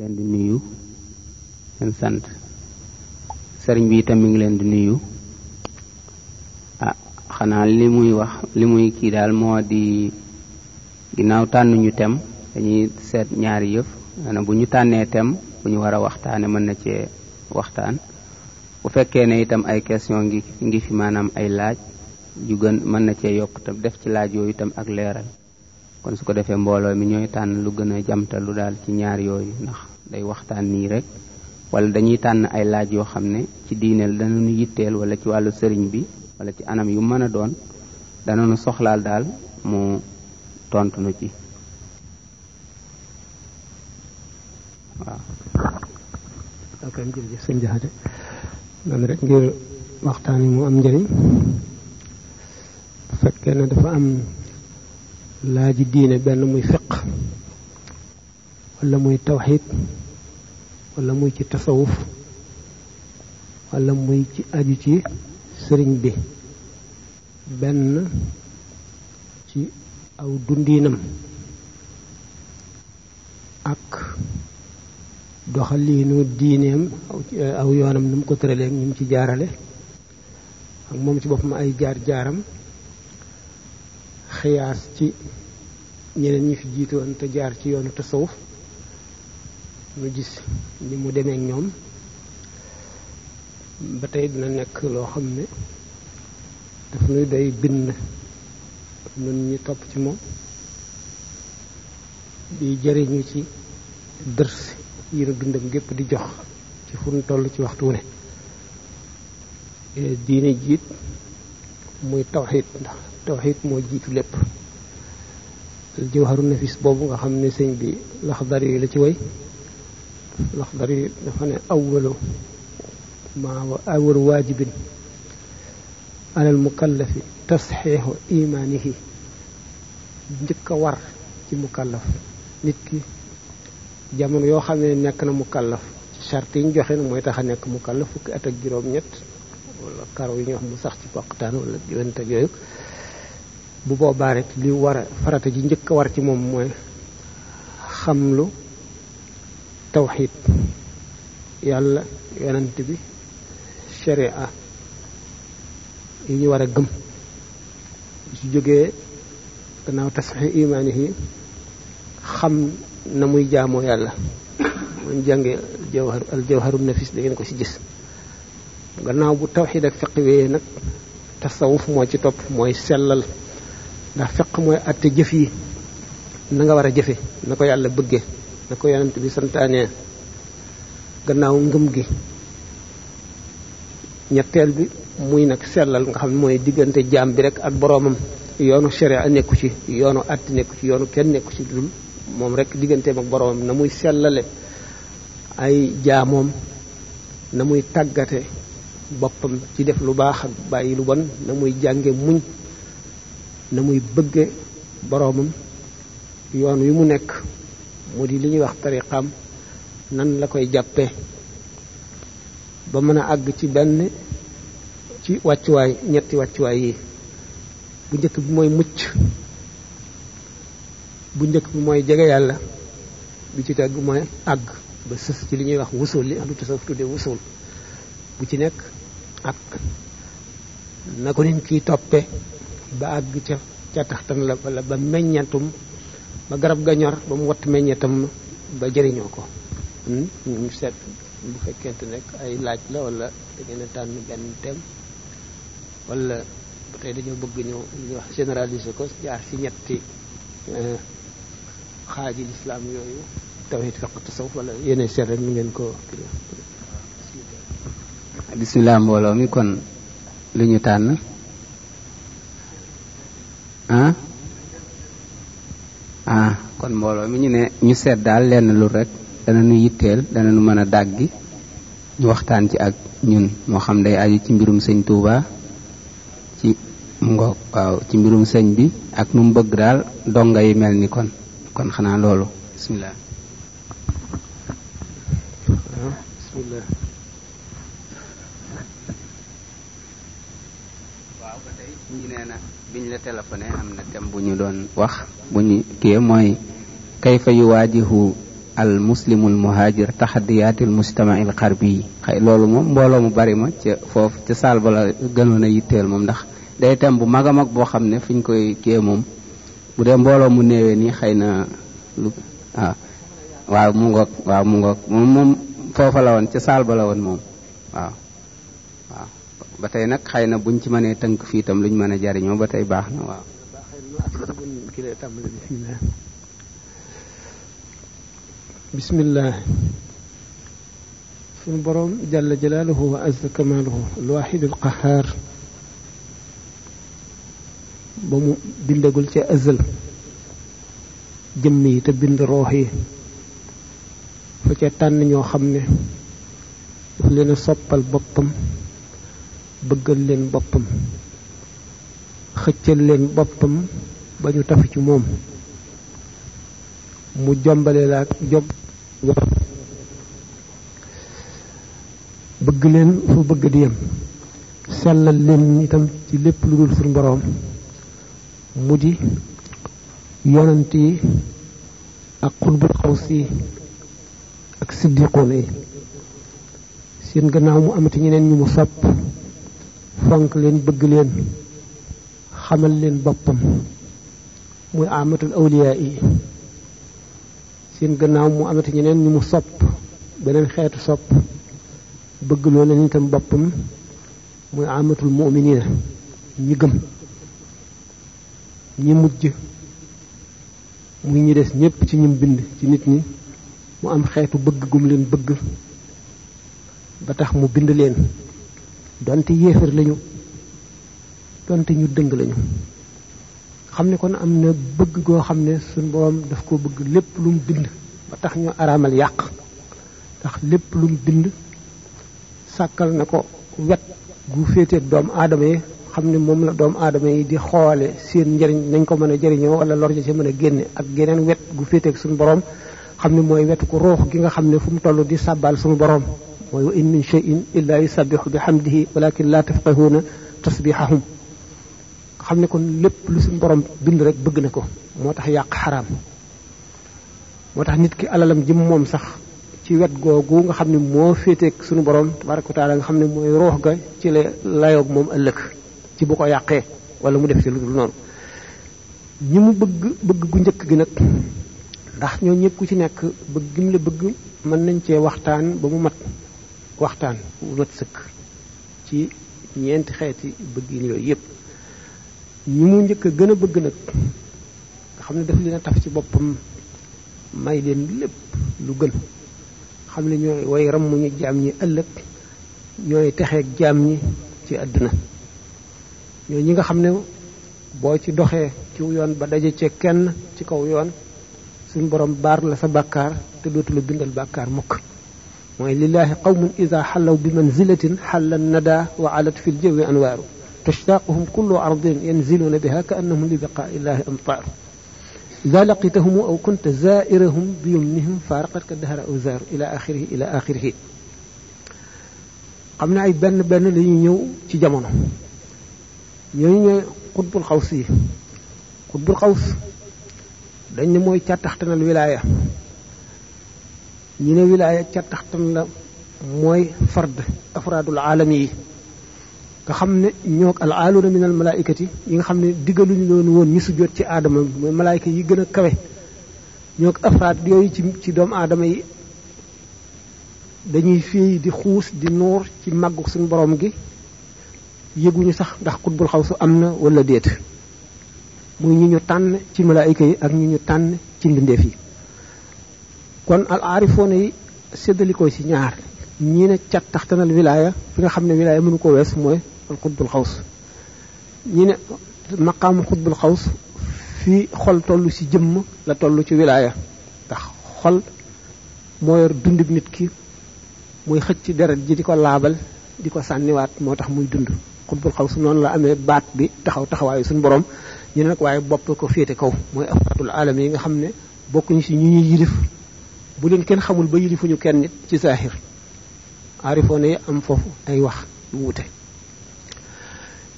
leen di nuyu sant sëriñ bi itam mi ngi leen di nuyu ah xanaa li muy wax li muy kii daal moo di ginnaaw tànnuñu tem dañuy seet ñaari yëf maanaam bu ñu tànnee tem bu ñu war a waxtaane mën na cee waxtaan bu fekkee ne itam ay question ngi ngi fi maanaam ay laaj yu gën mën na cee yokk tam def ci laaj yooyu itam ak leeral kon su ko defee mbooloo mi ñooy tànn lu gën a jamtalu daal ci ñaar yooyu ndax day waxtaan nii rek wala dañuy tànn ay laaj yoo xam ne ci diineel danañu yitteel wala ci wàllu sëriñ bi wala ci anam yu mën a doon danañu soxlaal daal mu tontu nu ci waaw ok jërëjëf dafa am laa diine benn muy fiq wala muy tawxid walla muy ci tasawuf wala muy ci aju ci sëriñ bi benn ci aw dundiinam ak doxaliinu diineem aw yoonam nu ko tëralee ñu mu ci jaarale ak moom ci boppam ay jaar jaaram xiyaas ci ñeneen ñi fi jiitoon te jaar ci yoonu tasawuf ñu gis ni mu demee ñoom ba tey dina nekk loo xam ne daf nuy doy bind nun ñi topp ci moom di jëriñu ci dërs yi nu dundam gépp di jox ci fu nu ci waxtu wu ne eh, diine jiit muy tawxid ndax tawxid moo jiitu lépp jawharu nafis boobu nga xam ne sëñ bi laxdar yi la ci way laxdar yi dafa ne awalu maa wa awalu waajibin alal mukallafi tasxiixu imaanihi njëkk a war ci mukallaf nit ki jamono yoo xam ne nekk na mukallaf ci charte yi joxe na mooy tax a nekk mukallaf fukki at ak juróom ñett wala karaw yi ñuy mu sax ci poqtaan wala diwante ak yooyu bu boobaa rek li war farata ji njëkk a war ci moom mooy xam lu tawxid yàlla yonent bi sharia yi ñu war a gëm su jógee gannaaw tasxi imaani yi xam na muy jaamoo yàlla muñ jànge jawhar al jawharu nafis da ngeen ko ci gis gannaaw bu tawxiid ak fiq wee nag tasawuf moo ci topp mooy sellal ndax fiq mooy atte jëf yi na nga war a jëfe na ko yàlla bëgge na ko yonent bi santaanee gannaaw ngëm gi ñetteel bi muy nag sellal nga xam ne mooy diggante jaam bi rek ak boroomam yoonu a nekku ci yoonu att nekku ci yoonu kenn nekku ci dul moom rek digganteem ak boroomam na muy sellale ay jaamoom na muy tàggate boppam ci def lu baax ak bàyyi lu bon na muy jànge muñ na muy bëgge boroomam yoon wi mu nekk mu di li ñuy wax tariqaam nan la koy jàppee ba mën a àgg ci benn ci wàccuwaay ñetti wàccuwaay yi bu njëkk bi mooy mucc bu njëkk bi mooy jege yàlla bi ci tegg mooy àgg ba sës ci li ñuy wax wusul li am tasawuf tuddee wusul bu ci nekk ak na ko nit kiy toppe ba àgg ca ca taxtan la wala ba meññatum ba garab ga ñor ba mu watt meññatam ba jëriñoo ko hmm? ñu seet bu fekkente nekk ay laaj la wala da ngeen a tànn benn wala ba tey dañoo bëgg ñëw ñu wax généraliser ko jaar ci ñetti euh, xaaji lislaam yooyu tawhid fiqh tasawuf wala yeneen seet rek ngeen ko bisimilah mbooloo mi kon lu ñu tànn ah? ah kon mbooloo mi ñu ne ñu seet daal lenn lu rekk dana nu yitteel dana nu mën a dàggi ñu waxtaan ci ak ñun moo xam day aju ci mbirum sëñ Touba ci ngoog waaw ci mbirum sëñ bi ak nu mu bëgg daal donga yi mel ni kon kon xanaa loolu bisimilah. Ah, ci nee na biñ la téléphoné am na thème bu ñu doon wax bu ñu kii mooy kayfa yuwaajihu al muslimul muhajir taxadiyaatil mujtamaci al xarbi yi xëy loolu moom mbooloo mu bari ma ca foofu ca saal ba la gënoon a yitteel moom ndax day thème bu mag a mag boo xam ne fi ñu koy kii moom bu dee mbooloo mu néewee nii xay na lu waaw ah, waaw mu ngoog waaw mu ngoog moom moom foofa la woon ca saal ba la woon moom waaw ba tey nag xëy na buñ ci mënee tënk fii tam luñ mën a jariñoo ba tey baax na waaw. bismillah suñu boroom jalla jalaaluhu wa azza kamaaluhu alwaahidul qahaar ba mu bindagul ca azal jëmm yi te bind roox yi fa ca tànn ñoo xam ne daf leen soppal boppam bëggal leen boppam xëccal leen boppam ba ñu tafu ci moom mu jombale la ak jom bëgg leen fu bëgg di yem sellal leen itam ci lépp lu dul suñu boroom mu di yonant yi ak xutbul xaws yi ak siddiqoon yi seen gannaaw mu amati ñeneen ñu mu sopp fonk leen bëgg leen xamal leen boppam muy amatul awliyaa i seen gannaaw mu amati ñeneen ñu mu sopp beneen xeetu sopp bëgg loo leen itam boppam muy amatul mu'minina ñi gëm ñi mujj muy ñi des ñépp ci ñim bind ci nit ñi mu am xeetu bëgg gum leen bëgg ba tax mu bind leen donte yéefar lañu donte ñu dëng lañu xam ne ko kon am na bëgg koo xam ne suñ borom daf koo bëgg lépp lu dind ba tax ñu araamal yàq tax lépp lu dind bind sàkkal na ko wet gu féeteeg doomu aadama yi xam ne moom la doomu aadama yi di xoole seen njëriñ nañ ko mën a jëriñoo wala lor ja ci mën a génne ak geneen wet gu féeteeg suñu borom xam ne mooy wetu ko ruux gi nga xam ne fu mu toll di sàbbaal suñu borom wa in min shay'in illaa yusabbihu bi hamdihi walakin laa tafqahuuna tasbihahum xam ne ko lépp lu suñ borom bind rek bëgg na ko moo tax yàq xaraam moo tax nit ki alalam jëm moom sax ci wet googu nga xam ne moo féeteeg suñu borom tabaraka wa nga xam ne mooy roox ga ci la layoog moom ëllëg ci bu ko yàqee wala mu def ci lu dul noonu ñi mu bëgg bëgg gu njëkk gi nag ndax ñoo ñëpp ku ci nekk bëgg gim la bëgg mën nañ cee waxtaan ba mu mat waxtaan bu mat sëkk ci ñeenti xeeti bëggin yooyu yëpp ñi mu njëkk a gën a bëgg nag nga xam ne daf leen a taf ci boppam may leen lépp lu gën xam ne ñooy way ramm ñu jaam ñi ëllëg ñooy texeeg jaam ñi ci àdduna ñoo ñi nga xam ne boo ci doxee ci yoon ba daje ci kenn ci kaw yoon suñ borom baar la sa bàkkaar te dootu la bindal bàkkaar mukk mooy lillaahi qawmun ida xallaw bi manzilatin xalla nada wa alat fi ljawi anwaaru tashtaquhum kullu ardin yanziluuna biha ka annahum li biqaa illaahi amtaaru ida laqitahum aw kunta zaairahum bi yumnihim faaraqat ka dahara aw zaaru ila axirihi ila axirihi xam ne ay benn benn la ñuy ñëw ci jamono ñooñu ñooy xutbul xaws yi xutbul xaws dañ ne mooy càttaxtanal wilaaya ñu ne wilaaya ca taxtan la mooy fard afraadul aalami yi nga xam ne ñoo al aaluuna min al yi nga xam ne diggaluñu loon woon ñu sujjóot ci aadama mooy malaayika yi gën a kawe ñook afraad yooyu ci ci doomu aadama yi dañuy fii di xuus di nuur ci màggu suñu borom gi yëguñu sax ndax xutbul xaw su am na walla déet muy ñi ñu tànn ci malaayika yi ak ñu ñu tànn ci mbindeef yi kon al aarifoon yi séddalikoo ci ñaar ñi ne cat taxtanal wilaaya fi nga xam ne wilaaya mënu ko wees mooy al xutbul xaws ñii ne maqaamu xutbul xaws fii xol toll ci jëmm la toll ci wilaaya ndax xol moo yor dundub nit ki muy xëcc deret ji di ko laabal di ko sànniwaat moo tax muy dund xutbul xaws noonu la amee baat bi taxaw taxawaayu suñu borom ñu ne nag waaye bopp ko féete kaw mooy afraadul aalam yi nga xam ne bokkuñu si ñu ñuy yilif bu leen kenn xamul ba yilifuñu kenn nit ci saaxir aarifoon yi am foofu ay wax yu wuute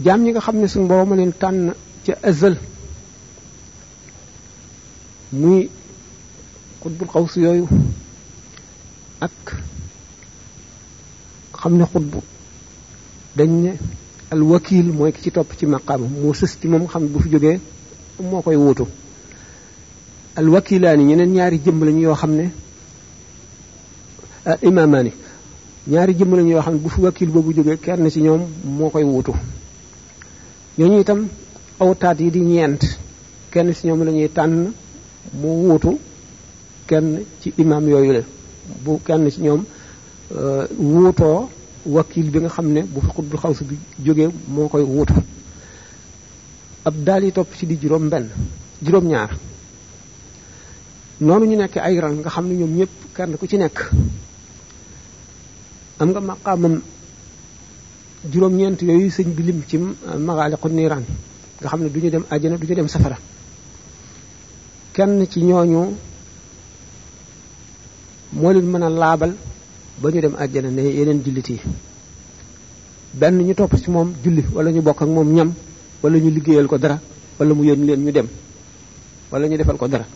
jaam ñi nga xam ne suñu borom a leen tànn ca azal muy xutbul xaws yooyu ak xam ne xutbu dañ ne al wakil mooy ci topp ci maqaama moo sës ci moom xam ne bu fi jógee moo koy wuutu al wakilaani ñeneen ñaari jëmm lañu yoo xam ne Eh, imaamaani ñaari jëmm lañ yoo xam ne bu fi wakiil boobu jógee kenn ci ñoom moo koy wutu ñooñu itam awtaat yi di ñeent kenn ci ñoom lañuy tànn mu wutu kenn ci imaam yooyu la bu kenn ci ñoom eh, wuutoo wakiil bi nga xam ne bu fi xutbu xawsu bi jógee moo koy wutu ab daal yi topp ci di juróom benn juróom ñaar noonu ñu nekk ay rang nga xam ne ñoom ñëpp kenn ku ci nekk am nga maqaamam juróom-ñeent yooyu sëñ bi ci magaaliqu niiraan nga xam ne du ñu dem àjjana du ñu dem safara kenn ci ñooñu moo leen mën a laabal ba ñu dem àjjana ne yeneen jullit yi benn ñu topp ci moom julli wala ñu bokk ak moom ñam wala ñu liggéeyal ko dara wala mu yónni leen ñu dem walla ñu defal ko dara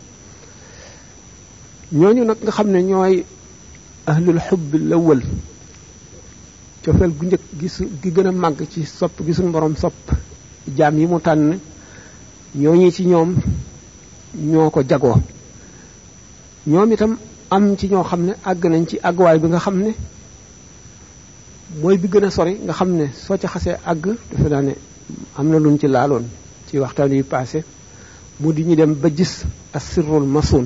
ñooñu nag nga xam ne ñooy ahlul xubb lawal cofeel gu njëkk gi gi gën a màgg ci sopp gi suñu borom sopp jaam yi mu tànn ñoo ñooñu ci ñoom ñoo ko jagoo ñoom itam am ci ñoo xam ne àgg nañ ci àgguwaay bi nga xam ne mooy bi gën a sori nga xam ne soo ci xasee àgg dafa naa ne am na luñ ci laaloon ci waxtaan yu passé mu di ñu dem ba gis asirrul masuun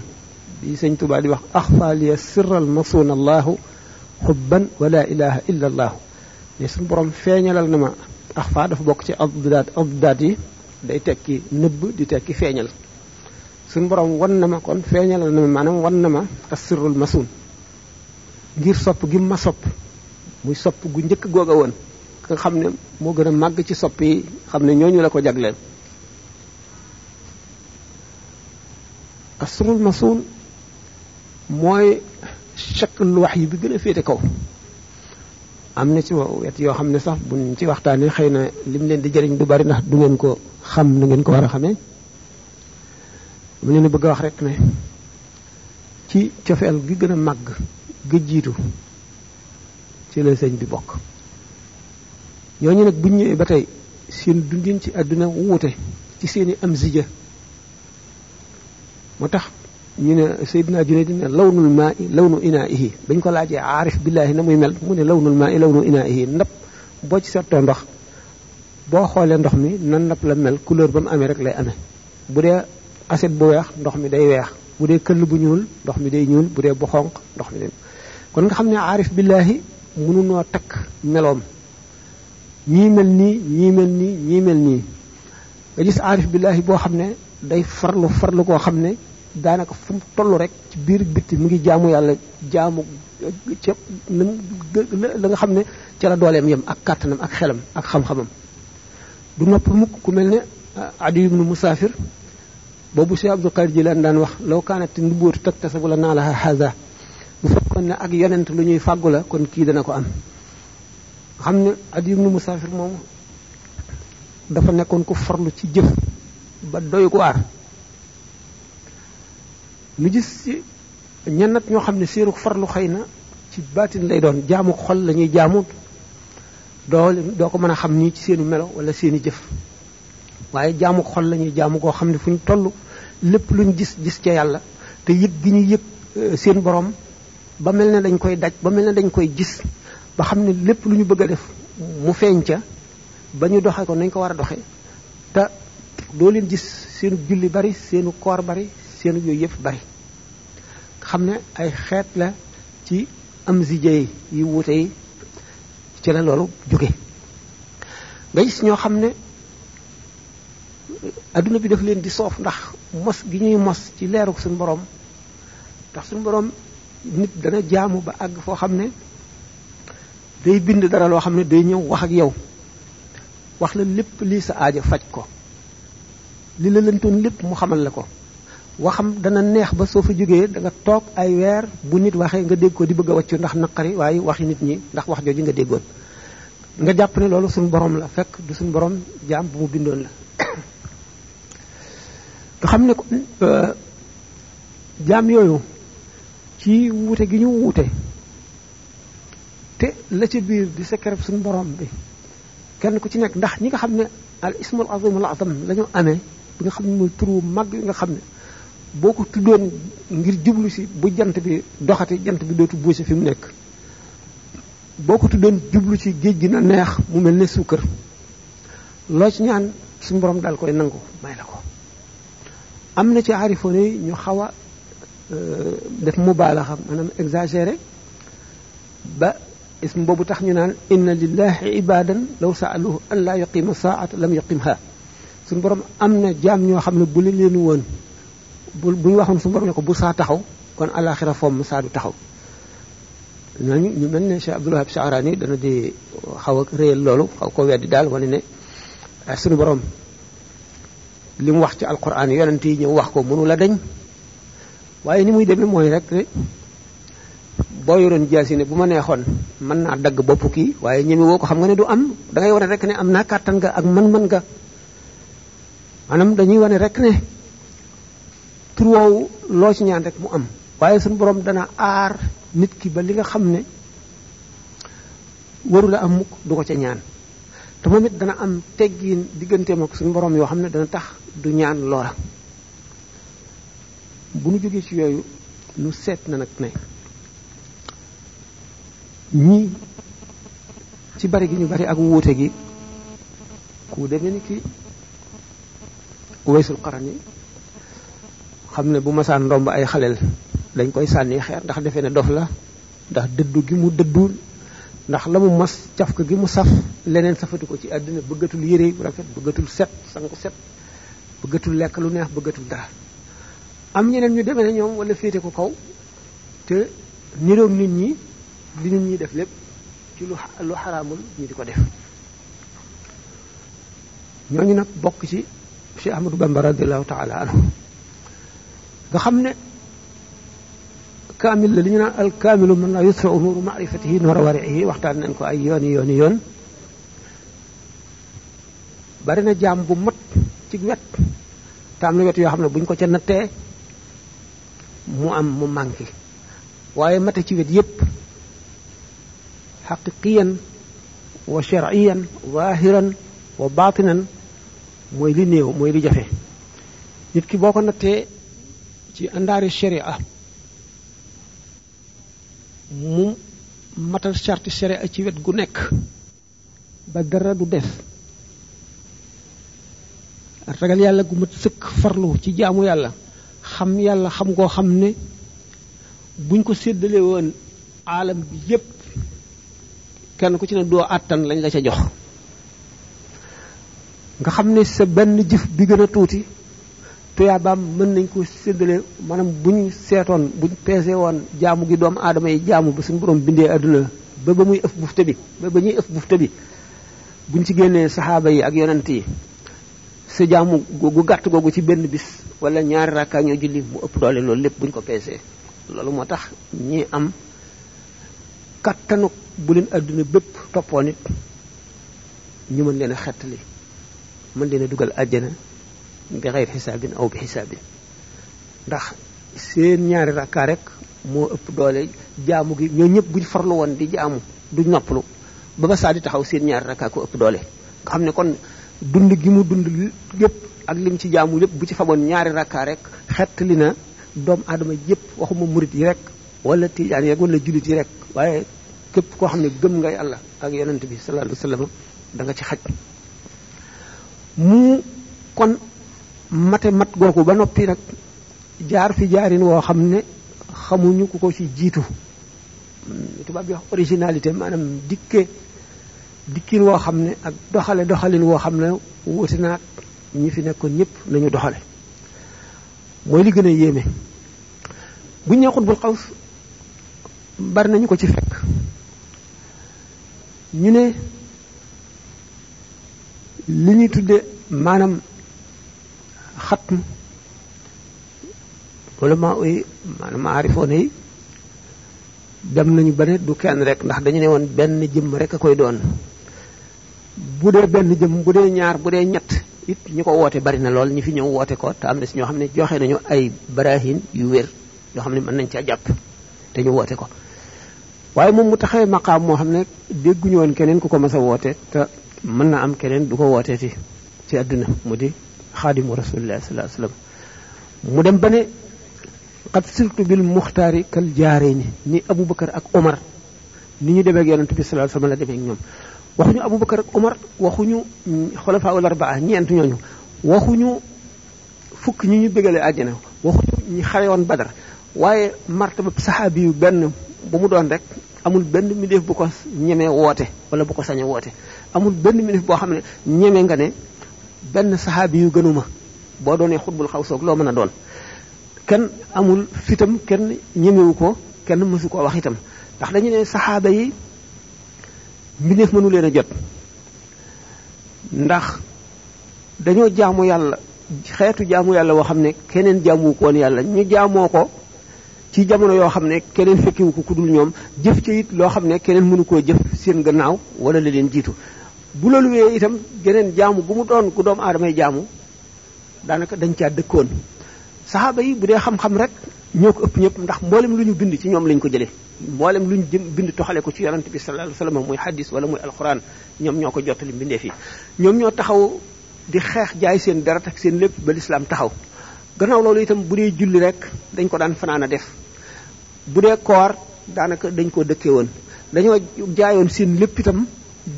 di sëñ Tuubaa di wax axfaaliya sirral masuun allahu xubban wala ilaha illa allahu ne suñu borom feeñalal na ma axfa dafa bokk ci abdaat abdaat yi day tekki nëbb di tekki feeñal suñu boroom wan na ma kon feeñalal na ma maanaam wan na ma asirul masuun ngir sopp gi ma sopp muy sopp gu njëkk googa woon nga xam ne moo gën a màgg ci sopp yi xam ne ñooñu la ko jagleel asrul masuun mooy chaklu wax yi bi gën a féete kaw am na ci wet yoo xam ne sax bu buñ ci waxtaanee xëy na lim leen di jëriñ du bari ndax du ngeen ko xam na ngeen ko war a xamee mu leen bëgg a wax rek ne ci cofeel gi gën a màgg gi jiitu ci la sëñ bi bokk ñooñu nag buñ ñëwee ba tey seen dundin ci àdduna wuute ci seeni am zija moo tax ñu ne Seydina Junayd ne lawnul maa i lawnu inaa ihi bañ ko laajee aarif billaahi na muy mel mu ne lawnul maa i lawnu inaa ihi ndab boo ci settoo ndox boo xoolee ndox mi nan ndab la mel couleur ba mu amee rek lay amee bu dee assiette bu weex ndox mi day weex bu dee këll bu ñuul ndox mi day ñuul bu dee bu xonq ndox mi day kon nga xam ne aarif billaahi mënunoo takk meloom ñii mel nii ñii mel nii ñii mel nii nga gis aarif billaahi boo xam ne day farlu farlu koo xam ne daanaka fu mu toll rek ci biir bitti mu ngi jaamu yàlla jaamu ca nga xam ne ca la dooleem yem ak kàttanam ak xelam ak xam-xamam du nopp mukk ku mel ne ah, adi ibnu musaafir boobu Cheikh Abdul ji Jilaan daan wax law kaanati nubuwwatu taktasabu la naalaha haza bu fekkoon ne ak yeneent lu ñuy fàggu la kon kii dana ko am xam ne adi ibnu musaafir moomu dafa nekkoon ku farlu ci jëf ba doy ko waar nu gis ci ñenn nag ñoo xam ne séeru farlu xëy na ci baatin lay doon jaamu xol la ñuy jaamu doo doo ko mën a xam nii ci seenu melo wala seeni jëf waaye jaamu xol la ñuy jaamu koo xam ne fu ñu toll lépp luñ gis gis ca yàlla te yëg gi ñu yëg euh, seen borom ba mel ne dañ koy daj ba mel ne dañ koy gis ba xam ne lépp lu ñu bëgg a def mu feeñ ca ba ñu doxee ko nañ ko war a doxe te doo leen gis seenu julli bari seenu koor bari seenu yooyu yëpp bari xam ne ay xeet la ci am zijey yi wuute yi ci la loolu jóge nga gis ñoo xam ne adduna bi def leen di soof ndax mos gi ñuy mos ci leeru suñu boroom ndax suñu boroom nit dana jaamu ba àgg foo xam ne day bind dara loo xam ne day ñëw wax ak yow wax la lépp lii sa aajo faj ko li la lëntoon lépp mu xamal la ko waxam dana neex ba soo fa jógee danga toog ay weer bu nit waxee nga dégg ko di bëgg a wàccu ndax naqari waaye waxi nit ñi ndax wax jooju nga déggoon nga jàpp ne loolu suñu borom la fekk du suñ borom jaam bu mu bindoon la nga xam ne euh, jaam yooyu ci wuute gi ñu wuute te la ci biir di sekkereb suñu borom bi kenn ku ci nekk ndax ñi nga xam ne al ismul azim al azam la ñu amee bi nga xam ne mooy mag yi nga xam ne boo ko tuddoon ngir jublu ci bu jant bi doxati jant bi dootu buuse fi mu nekk boo ko tuddoon jublu ci géej gi na neex mu mel ne suukar loo ci ñaan suñ borom daal koy nangu may la ko am na ci aarifoon yi ñu xaw a euh, def mubaalaxa maanaam exagéré ba ism boobu tax ñu naan inna lillahi ibadan law saaluhu an laa saa saata lam yuqimha suñu borom am na jaam ñoo xam ne bu leen woon bu bu ñu waxoon su borom ko bu saa taxaw kon alaxira fomm saa du taxaw ñooñu ñu mel ne Cheikh Abdul Wahab Sha'rani dana di xaw a réyal loolu xaw ko weddi daal wane ne eh, suñu borom li mu wax ci alquran yonent yi ñëw wax ko mënu la dañ waaye ni muy demee mooy rek boo yoroon jaasi ne bu ma neexoon mën naa dagg bopp kii waaye ñeme woo ko xam nga ne du am da wane rek ne am naa kàttan nga ak man-man nga maanaam dañuy wane rek ne tur woowu loo ci ñaan rek mu am waaye suñu borom dana aar nit ki ba li nga xam ne waru am mukk du ko ca ñaan te moom it dana am teggiin digganteem ak suñu boroom yoo xam ne dana tax du ñaan loola bu nu jógee ci yooyu nu seet na nag ne ñii ci bari gi ñu bari ak wuute gi ku demee ni ki waysul xaran yi xam ne bu masaan ndomb ay xaleel dañ koy sànni xeer ndax defe ne dof la ndax dëddu gi mu dëddu ndax la mu mas cafka gi mu saf leneen safatu ko ci àddina bëggatul yére bu rafet bëggatul set sangu set bëggatul lekk lu neex bëggatul dara am ñeneen ñu demee ne ñoom wala féete ko kaw te niroog nit ñi li nit ñi def lépp ci lu lu xaraamul ñu di ko def ñoo ñooñu nag bokk ci Cheikh Ahmadou Bamba radiallahu taala anhu nga xam ne kaamil la li ñu naan al kaamilu man laa yusra umuru maarifatihi noora wariihi waxtaan nañ ko ay yooni yooni yoon bari na jaam bu mat ci wet te am na wet yoo xam ne buñ ko ca nattee mu am mu manqué waaye mate ci wet yépp xaqiqiyan wa sharciyan waahiran wa baatinan mooy li néew mooy li jafe nit ki boo ko nattee ci àndaari sharia mu matal charte sharia ci wet gu nekk ba dara du def ragal yàlla gu mat sëkk farlu ci jaamu yàlla xam yàlla xam koo xam ne buñ ko séddalee woon aalam bi yépp kenn ku ci ne doo àttan lañ la ca jox nga xam ne sa benn jëf bi gën a tuuti tuyaabaam mën nañ koo séddale maanaam bu ñu seetoon bu ñu woon jaamu gi doom aadama yi jaamu ba suñ boroom bindee àdduna ba ba muy ëf bufte bi ba ba ñuy ëf bufte bi buñ ci génnee saxaaba yi ak yonent yi sa jaamu gu gàtt googu ci benn bis wala ñaari rakkaa ñoo julli mu ëpp doole loolu lépp buñ ko peesee loolu moo tax ñi am kattanu bu leen àdduna bépp toppoon it ñu mën leen a xettali mën leen a dugal àjjana bi xayri xisaabin aw bi xisaabin ndax seen ñaari rakkaa rek moo ëpp doole jaamu gi ñoo ñëpp buñ farlu woon di jaamu du noppalu ba ba saa taxaw seen ñaari rakkaa ko ëpp doole nga xam ne kon dund gi mu dund lépp ak lim ci jaamu lépp bu ci faboon ñaari rakkaa rek xettali na doomu aadama yëpp waxuma murit yi rek yi rek wala jullit yi rek waaye képp koo xam ne gëm nga yàlla ak yonent bi sallallahu alayhi wa sallam da nga ci xaj mu kon mate mat googu ba noppi nag jaar fi jaarin woo xam ne xamuñu ku ko ci jiitu tubaab bi wax originalité maanaam dikke dikkin woo xam ne ak doxale doxalin woo xam ne wuti naag ñi fi nekkoon ñëpp nañu doxale mooy li gën a yéeme bu ñu nee xutbul xaws bari nañu ko ci fekk ñu ne li ñuy tudde maanaam xatm ulama yi ne aarifoon yi dem nañu ba ne du kenn rek ndax dañu ne woon benn jëmm rek a koy doon bu dee benn jëmm bu dee ñaar bu dee ñett it ñu ko wootee bari na lool ñi fi ñëw woote ko te am na si ñoo xam ne joxe nañu ay barahin yu wér yoo xam ne mën nañ caa jàpp te ñu woote ko waaye moom mu taxawee maqaam moo xam ne dégguñu woon keneen ku ko mas wootee te mën na am keneen du ko wooteeti ci àdduna mu di xaadimu rasulillahi sallallahu alayhi wasallam mu dem ba ne xat sirtu bil muxtaari kal jaaree ni ni Aboubacar ak Omar ni ñu demee ak bi sallallahu la demee ak ñoom waxuñu Aboubacar ak Omar waxuñu xulafaa ul arbaa ñeent ñooñu waxuñu fukk ñu bëggalee àjjana waxuñu ñi xare woon Badar waaye martaba saxaabi yu benn bu mu doon rek amul benn mbindeef bu ko ñemee woote wala bu ko sañee woote amul benn mbindeef boo xam ne ñeme nga ne benn saxaabi yu gënuma boo doonee xutbul xaw soog loo mën a doon kenn amul fitam kenn ñemewu ko kenn mësu ko wax itam ndax dañu ne saxaaba yi mbindeef mënu leen a jot ndax dañoo jaamu yàlla xeetu jaamu yàlla woo xam ne keneen jaamu ko yàlla ñu jaamoo ko ci jamono yoo xam ne keneen fekkiwu ko ku dul ñoom jëf ca it loo xam ne keneen mënu koo jëf seen gannaaw wala la leen jiitu bu loolu wee itam geneen jaamu bu mu doon ku doomu aadamay jaamu daanaka dañ caa dëkkoon saxaaba yi bu dee xam-xam rek ñoo ko ëpp ñëpp ndax mboolem lu ñu bind ci ñoom lañ ko jëlee mboolem lu ñu bind toxale ko ci yonent bi sallallahu alayhi wasallam muy hadis wala muy alquran ñoom ñoo ko jottali mbindeef yi ñoom ñoo taxaw di xeex jaay seen deret ak seen lépp ba lislaam taxaw gannaaw loolu itam bu dee julli rek dañ ko daan fanaan a def bu dee koor daanaka dañ koo dëkkee woon dañoo jaayoon seen lépp itam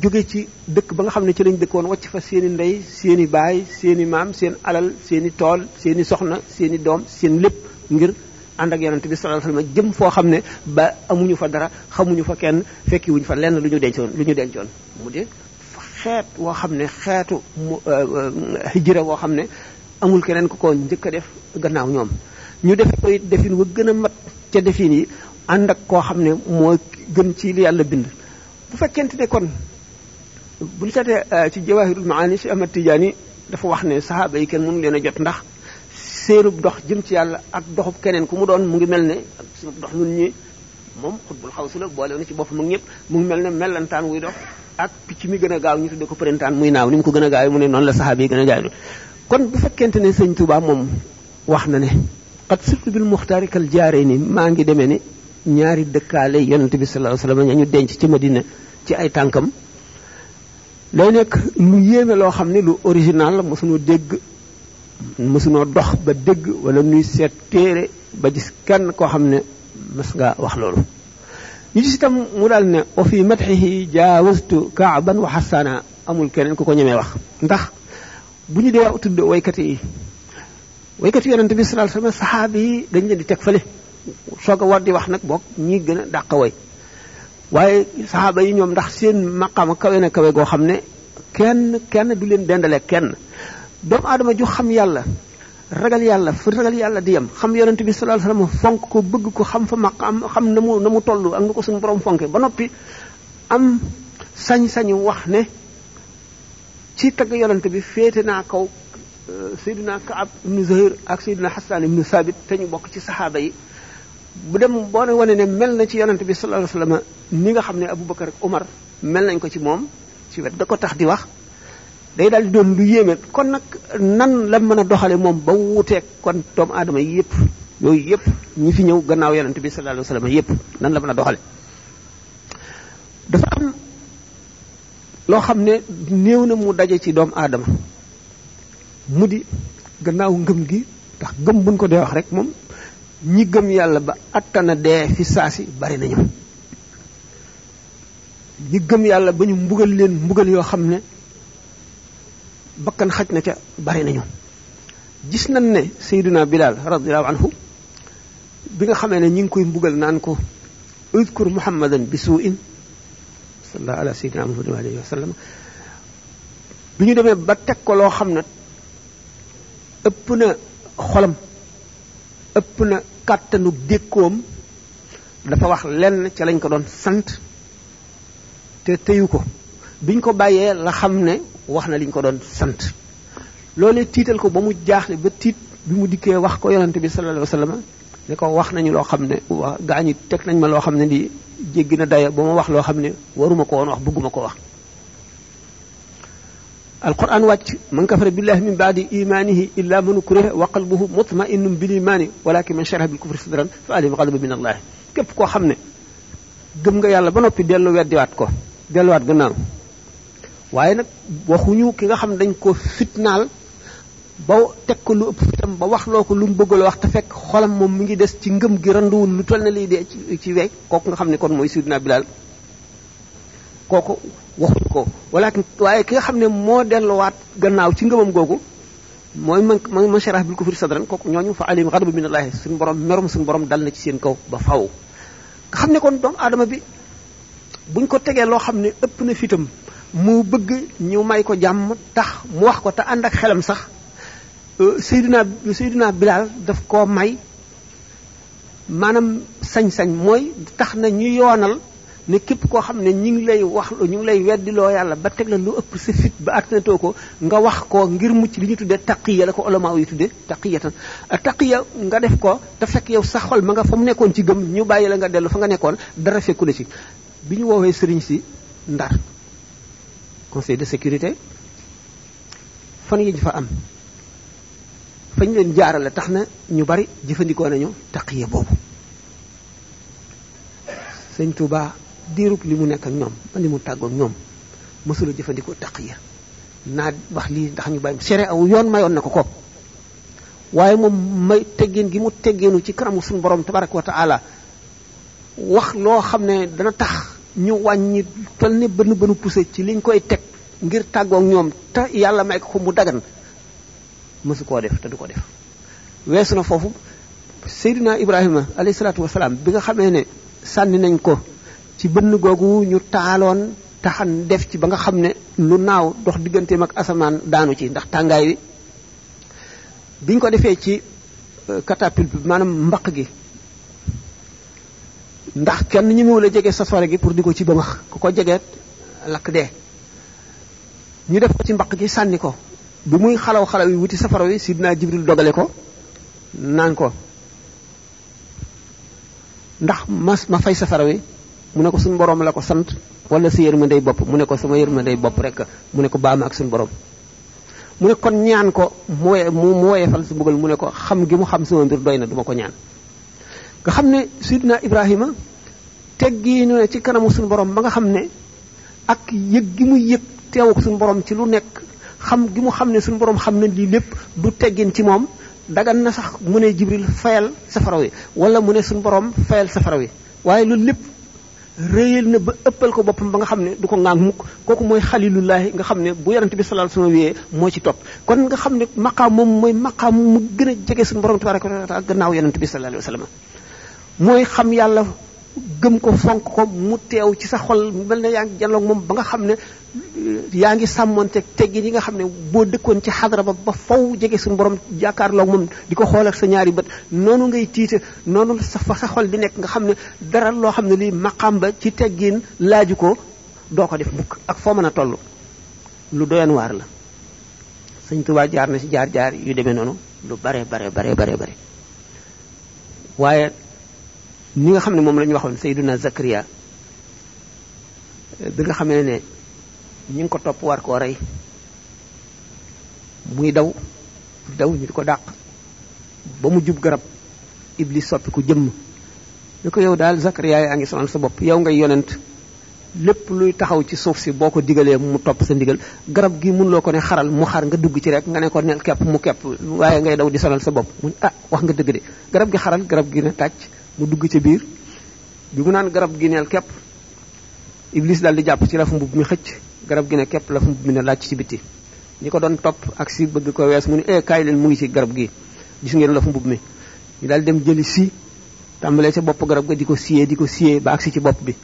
jóge ci dëkk ba nga xam ne ci lañ dëkkoon wàcc fa seeni ndey seeni baay seeni maam seen alal seeni tool seeni soxna seeni doom seen lépp ngir ànd ak yonent bi sallallahu alayhi wasallam jëm foo xam ne ba amuñu fa dara xamuñu fa kenn fekkiwuñu fa lenn lu ñu dencoon lu ñu dencoon mu de xeet woo xam ne xeetu euh, euh, hijra woo xam ne amul keneen ku ko njëkk a def gannaaw ñoom ñu defe koy defin wa gën a mat ca defin yi ànd ak koo xam ne moo gën ci yàlla bind bu fekkente ne kon bu ñu seetee euh, ci jawahirul maani si Ahmad Tijaani dafa wax ne saxaaba yi kenn mënu leen a jot ndax seenub dox jëm ci yàlla ak doxub keneen ku mu doon mu ngi mel ne ak seenub dox nun ñi moom xutbul xaw si la boole na ci boppam ak ñëpp mu ngi mel ne mellantaan wuy dox ak picc mi gën a gaaw ñu tudde ko printemps muy naaw ni ñu ko gën a gaaw mu ne noonu la saxaaba kon bu fekkente ne sëñ Tuubaa moom wax na ne qad sirtu bil muxtaari kal jaaree ni maa ngi demee ne ñaari dëkkaale yonente bi sallallahu alayhi wa sallam ñu denc ci Madina ci ay tànkam day nekk lu yéeme loo xam ne lu original la mosuñoo dégg mosuñoo dox ba dégg wala nuy seet téere ba gis kenn koo xam ne mas nga wax loolu ñu gis itam mu daal ne wa fi madhihi jaawastu ban wa xasaana amul keneen ku ko ñemee wax ndax bu ñu dee tudd waykat yi waykat yi yonente bi sa alayhi wasallam saxaaba yi dañ leen di teg fële soo ko war di wax nag boog ñi gën a dàq way waaye saxaaba yi ñoom ndax seen maqaama kawe na kawe goo xam ne kenn kenn du leen dendale kenn doomu aadama ju xam yàlla ragal yàlla fu ragal yàlla di yem xam yonent bi sallallahu alayhi wasallam fonk ko bëgg ko xam fa maqaam xam na mu na mu toll ak nu ko suñu borom fonke ba noppi am sañ-sañu wax ne ci tagg yonent bi féete naa kaw euh, Seydina Kaab ibnu Zuhayr ak Seydina Hassan ibnu Sabit te ñu bokk ci saxaaba yi bu dem boo ne wane ne mel na ci yonent bi sallallahu alayhi wasallam ni nga xam ne Aboubacar ak Omar mel nañ ko ci moom ci wet da ko tax di wax day daal di doon lu yéeme kon nag nan la mën a doxale moom ba wuuteeg kon doomu aadama yi yëpp yooyu yëpp ñi fi ñëw gannaaw yonent bi sallallahu alayhi wasallam yëpp nan la mën a doxale dafa am loo xam ne néew na mu daje ci doomu aadama mu di gannaaw ngëm gi ndax gëm buñ ko dee wax rek moom ñi gëm yàlla ba attana dee fi saasi bari nañu ñi gëm yàlla ba ñu mbugal leen mbugal yoo xam ne bakkan xaj na ca bari nañu gis nañ ne sayyiduna Bilal radiyallahu anhu bi nga xamee ne ñi ngi koy mbugal naan ko udkur muhammadan bi suu'in sallallahu ala sa muhammadin wa alihi wa bi ñu demee ba teg ko loo xam ne ëpp na xolam ëpp na kàttanu dékkoom dafa wax lenn ca lañ ko doon sant te tëyu ko biñ ko bàyyee la xam ne wax na liñ ko doon sant loolee tiital ko ba mu jaaxle ba tiit bi mu dikkee wax ko yonante bi sa alayhi wasallam ne ko wax nañu loo xam ne waa gaa teg nañ ma loo xam ne di jéggi na daya ba ma wax loo xam ne waruma ko woon wax bëgguma ko wax alquran wàcc man kafara billahi min baadi imanihi illa man ukriha wa qalbuhu mutma'innun bil imani walakin man sharaha bil kufri sadran fa alayhim ghadabun min allah képp koo xam ne gëm nga yàlla ba noppi dellu weddiwaat ko delluwaat gannaaw waaye nag waxuñu ki nga xam ne dañ ko fitnaal ba teg ko lu ëpp fitam ba wax loo ko lu mu bëggal wax te fekk xolam moom mu ngi des ci ngëm gi randuwul lu toll na lii dee ci wey kooku nga xam ne kon mooy Sidna Bilaal kooku waxuñ ko walakin waaye ki nga xam ne moo delluwaat gannaaw ci ngëmam googu mooy man man sharah bil kufri sadran kooku ñooñu fa alim ghadab minallahi suñu borom merum suñu borom dal na ci seen kaw ba faw nga xam ne kon doomu aadama bi buñ ko tegee loo xam ne ëpp na fitam mu bëgg ñu may ko jàmm tax mu wax ko te ànd ak xelam sax euh, Seydina Seydina Bilal daf koo may maanaam sañ-sañ mooy tax na ñu yoonal ne képp koo xam ne ñu ngi lay wax ñu ngi lay weddiloo yàlla ba teg la lu ëpp sa fit ba attanatoo ko nga wax ko ngir mucc li ñu tuddee taqiya la ko olomaaw yi tuddee taqiya tan euh, taqiya nga def ko te fekk yow sa xol ma nga fa mu nekkoon ci gëm ñu bàyyi la nga dellu fa nga nekkoon dara fekku ci bi ñu woowee sëriñ si ndar conseil de sécurité fan yi ñu fa am fañ leen jaarale tax na ñu bari jëfandikoo nañu taqiya boobu sëñ Touba diirub li mu nekk ak ñoom ba li mu tàggook ñoom mësula jëfandikoo taqiya naa wax lii ndax ñu bàyyi sere aw yoon mayoon na ko ko waaye moom may teggeen gi mu teggeenu ci kanamu suñu borom tabaraka wa taala wax loo xam ne dana tax ñu wàññi tal ne bënn bënu poussé ci liñ koy teg ngir tàggoog ñoom te yàlla may ko mu dagan mësu koo def te du ko def weesu na foofu Seydina Ibrahima alayhi salaatu wasalaam bi nga xamee ne sànni nañ ko ci bënn googu ñu taaloon taxan def ci ba nga xam ne lu naaw dox digganteem ak asamaan daanu ci ndax tàngaay wi biñ ko defee ci euh, catapulte bi maanaam mbaq gi ndax kenn ñu mu la jege safara gi pour di ko ci bëmax ku ko jege lakk dee ñu def ko ci mbaq gi sànni ko bi muy xalaw xalaw yi wuti safara wi sidna jibril dogale ko naan ko ndax ma ma fay safara wi mu ne ko suñu borom la ko sant wala sa yërmandey bopp mu ne ko sama yërmandey bopp rek mu ne ko baama ak suñu borom mu ne kon ñaan ko mu woye mu woyefal su mbugal mu ne ko xam gi mu xam sama mbir doy na duma ko ñaan nga xam ne Seydina Ibrahima teggi nu ne ci kanamu suñ borom ba nga xam ne ak yëg gi mu yëg teewu suñu borom ci lu nekk xam gi mu xam ne suñ boroom xam ne lii lépp du teggin ci moom dagan na sax mu ne Jibril fayal safara wi wala mu ne suñ borom fayal safara wi waaye loolu lépp réyal na ba ëppal ko boppam ba nga xam ne du ko ngaang mukk kooku mooy xalilullahi nga xam ne bu yonente bi sallallahu alayhi wasallam moo ci topp kon nga xam ne maqaam moom mooy maqaam mu a jege suñu borom tabaraka wa taala gannaaw yonente bi sallallahu mooy xam yàlla gëm ko fonk ko mu teew ci sa xol mel ne yaa ngi jàlloog moom ba nga xam ne euh, yaa ngi sàmmoon sàmmonteeg teggin yi nga xam ne boo dëkkoon ci xadra ba ba faw jege suñu borom jàkkaarloog moom di ko xool ak sa ñaari bët noonu ngay tiite noonu sa fa sa xol di nekk nga xam ne dara loo xam ne lii maqam ba ci teggiin laaju ko doo ko def mukk ak foo mën a toll lu doyan waar la sëñ Tuubaa jaar na ci jaar-jaar yu demee noonu lu bare bare bare bare bare ni nga xam ne moom la ñu waxoon Seydina Zakaria bi nga xamee ne ñu ngi ko topp war koo rey muy daw daw ñu di ko dàq ba mu jub garab Iblis soppi ku jëmm ni ko yow daal Zakaria yaa ngi sonal sa bopp yow nga yonent lépp luy taxaw ci suuf si boo ko digalee mu topp sa ndigal garab gi mënuloo ko ne xaral mu xar nga dugg ci rek nga ne ko ne kepp mu kepp waaye ngay daw di sonal sa bopp mu ah wax nga dëgg de garab gi xaral garab gi ne tàcc mu dugg ci biir bi mu naan garab gi neel képp iblis daal di jàpp ci lafu mbubb mi xëcc garab gi ne képp lafu mbubb mi ne laaj ci biti ñi ko doon topp ak si bëgg ko wees mu ne eh kaay leen mu ngi ci garab gi gis ngeen lafu mbubb mi ñu daal dem jëli si tàmbalee ca bopp garab ga di ko siyee di ko siyee ba agsi ci bopp bi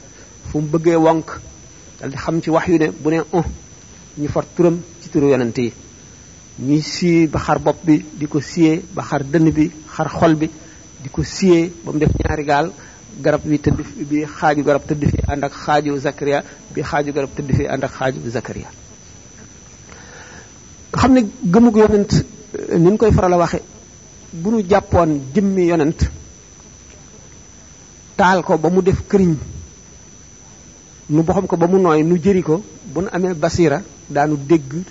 fu mu bëggee wonk daal di xam ci wax yu ne bu ne on oh, ñu far turam ci turu yonent yi ñuy siyee ba xar bopp bi di ko siyee ba xar dënn bi xar xol bi di ko siyee ba mu def ñaari gaal garab wi tëdd bi xaaju garab tëdd fi ànd ak xaaju Zakaria bi xaaju garab tëdd fi ànd ak xaaju Zakaria xam ne gëmug yonent eh, ni ñu koy faral a waxe bu nu jàppoon jëmmi yonent taal ko ba mu def këriñ nu boxam ko ba mu nooy nu jëri ko bu nu amee basira daanu dégg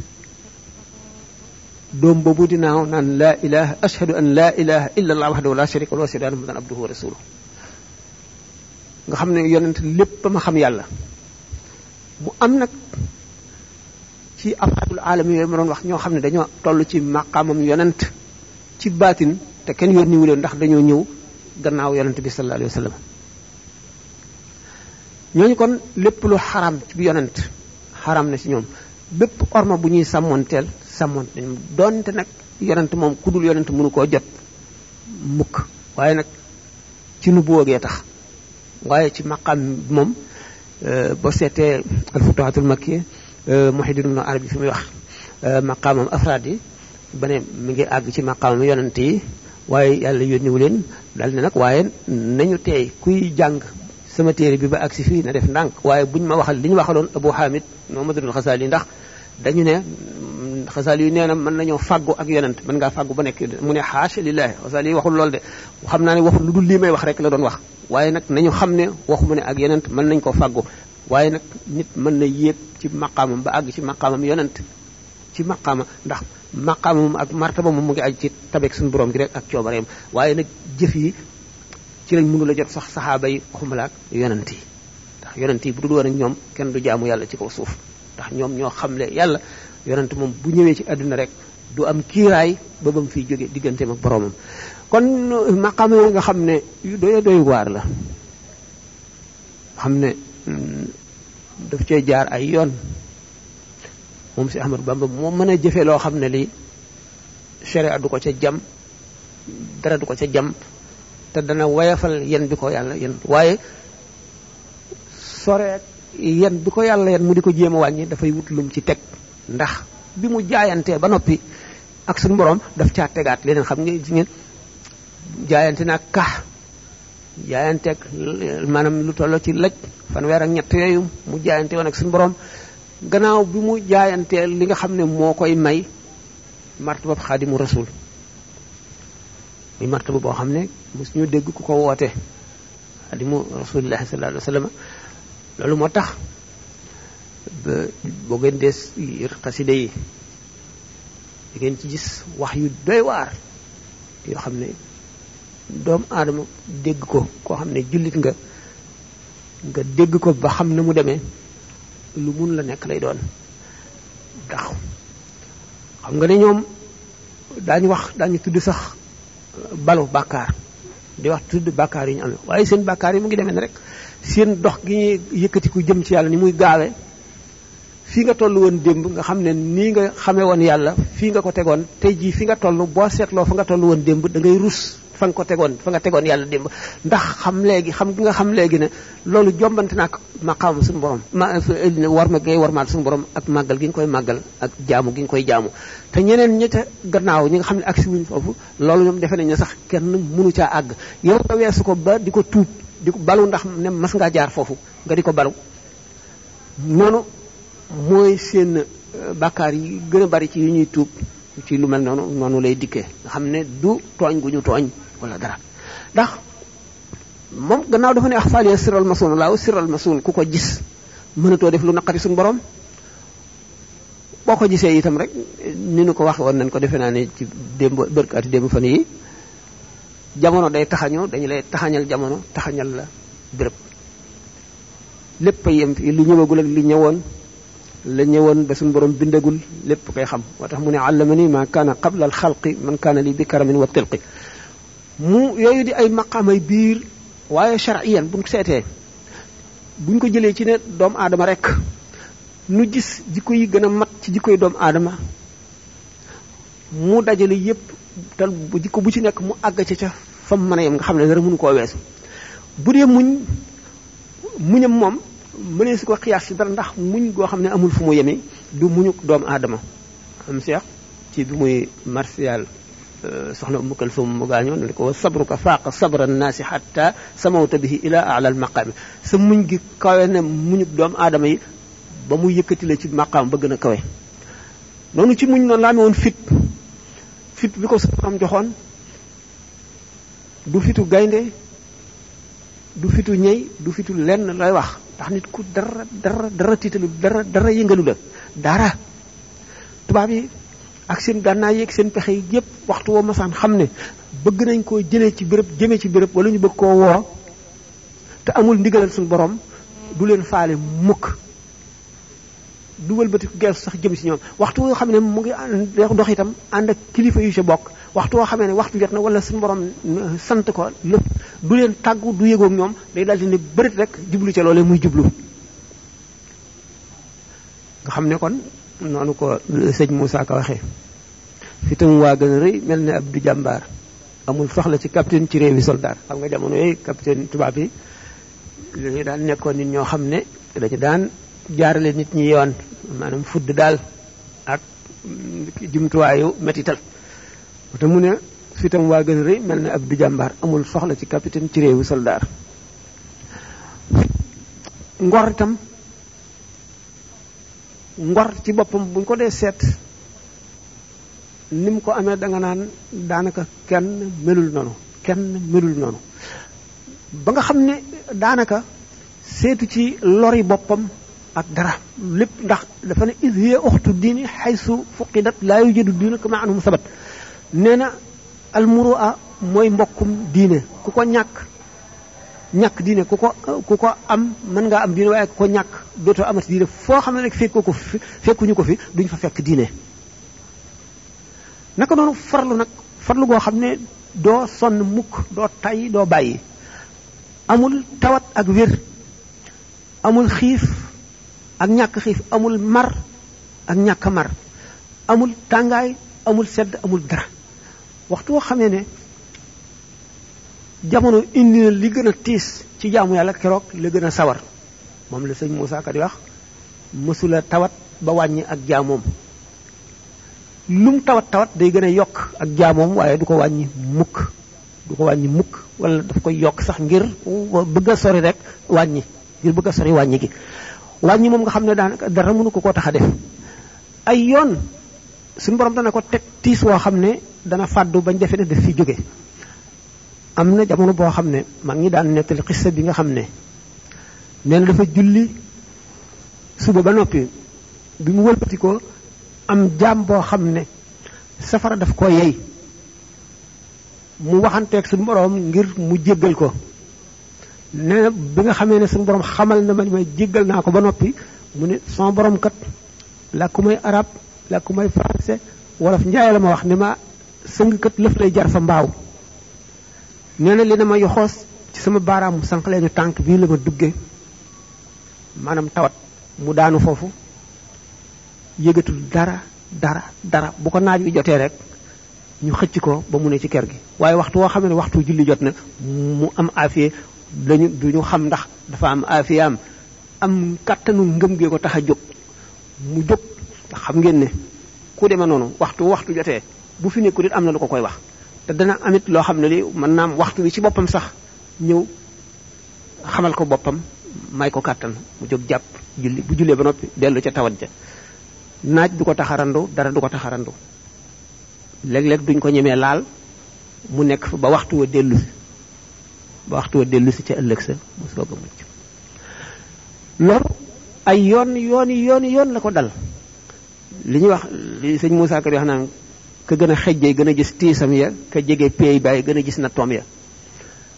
doom boobu di naaw naan laa ilaha ashhadu an laa ilaha illa la sharika lahu wa ashhadu anna muhammadan abduhu wa xam ne yonent lépp ma xam yàlla mu am nag ci afaatul aalami yooyu wax ñoo xam ne dañoo toll ci maqaamam yonent ci baatin te kenn yoon ndax dañoo ñëw gannaaw yonent bi sallallahu alayhi wa sallam ñooñu kon lépp xaram na ci ñoom bépp orma bu ñuy sàmmoon teel sàmmoonte nañ doonte nag yonent moom ku dul yonent mënu koo jot mukk waaye nag ci nu boogee tax waaye ci maqam moom euh, boo seetee alfutuhatul makki euh, Muhyiddin Ibn Arabi fi muy wax euh, maqaamam afraad yi ba ngi àgg ci maqaamam yonant yi waaye yàlla yoon yónniwu leen dal ne nag waaye nañu teey kuy jàng sama téere bi ba agsi fii na def ndànk waaye buñ ma waxal li ñu waxaloon Abu Hamid Muhammadul Xasali ndax dañu ne xasaal yi nee na mën nañoo fàggu ak yonent mën ngaa fàggu ba nekk mu ne xaasha lillaahi xasaal yi waxul lool de xam naa ne waxul lu dul lii may wax rek la doon wax waaye nag nañu xam ne waxu mu ne ak yonent mën nañ ko fàggu waaye nag nit mën na yéeg ci maqaamam ba àgg ci maqaamam yonent ci maqaama ndax maqaamam ak martaba moom mu ngi aj ci tabeek suñu borom gi rek ak coobareem waaye nag jëf yi ci lañ la jot sax saxaaba yi waxumala ak yonent yi ndax yonent yi bu dul woon ñoom kenn du jaamu yàlla ci kaw suuf ndax ñoom ñoo yonent moom bu ñëwee ci àdduna rek du am kiiraay ba ba mu fiy jóge digganteem ak boroomam kon maqaam nga xam ne yu doy doy waar la xam ne mm, daf cee jaar ay yoon moom si Ahmadu Bamba moo mën a jëfe loo xam ne lii sharia du ko ca jam dara du ko ca jam te dana wayafal yen bi ko yàlla yen waaye soreet yen bi ko yàlla yen mu di ko jéem a wàññi dafay wut lum ci teg ndax bi mu jaayantee ba noppi ak suñu boroom daf caa tegaat leneen xam nga si ngeen jaayante naag kaax jaayante ak lu tolloo ci laj fanweer ak ñett yooyu mu jaayante woon ak suñu borom gannaaw bi mu jaayantee li nga xam ne moo koy may martabab xaadimu rasul muy martaba boo xam ne mosuñu dégg ku ko woote xaadimu rasulillahi sallallahu alayhi wa sallam loolu moo tax boo ngeen dees xasida yi da ngeen ci gis wax yu doy waar yoo xam ne doomu aadama dégg ko koo xam ne jullit nga nga dégg ko ba xam ne mu demee lu mun la nekk lay doon ndax xam nga ne ñoom daañu wax daañu tudd sax balu bàkkaar di wax tudd bàkkaar yi ñu amee waaye seen bàkkaar yi mu ngi deme ne rek seen dox gi ñuy yëkkati ku jëm ci yàlla ni muy gaawee fii nga toll woon démb nga xam ne nii nga xamee woon yàlla fi nga ko tegoon tey jii fi nga toll boo seetloo fa nga toll woon démb dangay ngay rus fa nga ko tegoon fa nga tegoon yàlla démb ndax xam léegi xam gi nga xam léegi ne loolu jombante na ak maqaam suñu borom ma war ma ngay warmaal suñu borom ak màggal gi koy màggal ak jaamu gi koy jaamu te ñeneen ñi gannaaw ñi nga xam ne agsi wuñ foofu loolu ñoom defe nañ ne sax kenn mënu caa àgg yow nga weesu ko ba di ko tuub di ko balu ndax ne mas ngaa jaar foofu nga di ko balu noonu mooy seen euh, bakkaar yi gën a bari ci yu ñuy tuub ci lu mel noonu noonu lay dikkee nga xam ne du tooñ gu ñu tooñ wala dara ndax moom gannaaw dafa ne ax faal ma siral masul laaw siral masul ku ko gis mënatoo def lu naqari suñ borom boo ko gisee itam rek ni nu ko waxe woon nañ ko defe naa ne ci démb bërkaati démb fan yi jamono day taxañoo dañu lay taxañal jamono taxañal la béréb lépp a yem fii lu ñëwagul ak lu ñëwoon la ñëwoon ba boroom borom bindagul lépp koy xam moo tax mu ne allamani ma kaana qabla al xalqi man kaana li bi karamin wa tilqi mu yooyu di ay maqaamay biir waaye chariyan buñ ko seetee buñ ko jëlee ci ne doomu aadama rek nu gis jikko yi gën a mat ci jikkoy doomu aadama mu dajale yépp tal bu jikko bu ci nekk mu àgg ca ca fam mën a yem nga xam ne dara mënu koo weesu bu dee muñ muñam moom mënee ko xiyaas si dara ndax muñ goo xam ne amul fu mu yemee du muñu doomu aadama am Cheikh ci bi muy martial euh, soxna Umu Kalsum mu gaañoo ne ko wa sabruka faaqa sabra naasi xatta samawta bihi ila muñ gi aadama yi ba mu yëkkati ci maqaam ba gën a kawe noonu ci muñ noonu laa amee fit fit bi ko suñu am joxoon du fitu gaynde du fitu ñey du fitu lenn lay wax ndax nit ku dara dara dara tiitalu dara dara yëngalu la dara tubaab yi ak seen gànnaay yeeg seen pexe yi yépp waxtu woo masaan xam ne bëgg nañ koo jëlee ci béréb jëmee ci béréb wala ñu bëgg koo woo te amul ndigalal suñu boroom du leen faale mukk du wëlbati geesu sax jëm si ñoom waxtu woo xam ne mu ngi dox itam ànd ak kilifa yu ci bokk waxtu woo xamee ne waxtu jot na wala suñu borom euh, sant ko lépp du leen tàggu du yëgoog ñoom day daal di ne bërit rek jublu ca loolee muy jublu nga ne kon noonu ko euh, sëñ Moussa Ka waxee a rëy mel ne ab du amul soxla ci ci réewi soldat xam nga jamono yooyu capitaine tubaab yi dañu nekkoon nit ñoo xam ne dañu daan jaarale nit ñi yoon maanaam fudd daal ak mm, jumtuwaayu metital te mu ne fitam waa gën a rëy mel ne ab di jàmbaar amul soxla ci capitaine ci réewu soldaar ngor itam ngor ci boppam buñ ko dee seet ni mu ko amee danga naan daanaka kenn melul nonu kenn melul noonu ba nga xam ne daanaka seetu ci lori boppam ak dara lépp ndax dafa ne is hiya uxtu diini xaysu fuqidat laa yujadu diinu kama anhum sabat nee na almuru'a mooy mbokkum diine ku ko ñàkk ñàkk diine ku ko ku ko am mën ngaa am diine waaye ku ko ñàkk dootoo amati diine foo xam ne rek fekkoo ko fi fekkuñu ko fi duñ fa fekk diine naka noonu farlu nag farlu goo xam ne doo sonn mukk doo tay doo bàyyi amul tawat ak wér amul xiif ak ñàkk xiif amul mar ak ñàkk mar amul tàngaay amul sedd amul dara waxtu woo xamee ne jamono indi li gën a tiis ci jaamu yàlla keroog la gën a sawar moom la sëñ Moussa Ka di wax mësula tawat ba wàññi ak jaamoom lum tawat tawat day gën a yokk ak jaamoom waaye du ko wàññi mukk du ko wàññi mukk wala daf koy yokk sax ngir bëgg a sori rek wàññi ngir bëgg a sori wàññi gi wàññi moom nga xam ne daanaka dara mënu ko koo tax a def ay yoon suñu borom dana ko teg tiis woo xam ne dana fàddu bañ defee ne def fi jóge am na jamono boo xam ne mag ñi daan nettali xissa bi nga xam ne nee dafa julli suba ba noppi bi mu wëlbati ko am jaam boo xam ne safara daf ko yey mu waxanteeg suñu boroom ngir mu jéggal ko ne na bi nga xamee ne su boroom xamal ne ma may jéggal naa ko ba noppi mu ne sama boroom kat làkku may arab làkku may français wolof njaay la ma wax ni ma sëngkat lëf lay jar fa mbaaw nee na li na ma yoxoos ci sama baaraamu sànq leenu tànk bii la ma dugge maanaam tawat mu daanu foofu yégatul dara dara dara bu ko naaj wi jotee rek ñu xëcc ko ba mu ne ci kër gi waaye waxtu woo xam ne waxtu julli jot na mu am afiye dañu duñu xam ndax dafa am afiye am am kàttanu ngëm gee ko tax a jóg mu jóg xam ngeen ne ku demee noonu waxtu waxtu jotee bu fi nekkul it am na lu ko koy wax te dana amit loo xam ne li mën naam waxtu wi ci boppam sax ñëw xamal ko boppam may ko kàttan mu jóg jàpp julli bu jullee ba noppi dellu ca tawat ja naaj du ko taxarandu dara du ko taxarandu léeg-léeg duñ ko ñemee laal mu nekk fa ba waxtu wa dellu ba waxtu wa dellu si ca ëllëg sa mu soog a mucc lor ay yoon yoon yoon yoon la ko dal li ñuy wax li sëñ Moussa Kër wax naan ka gën a xej xejjee gën a gis tiisam ya ka jege peey baay gën a gis nattoom ya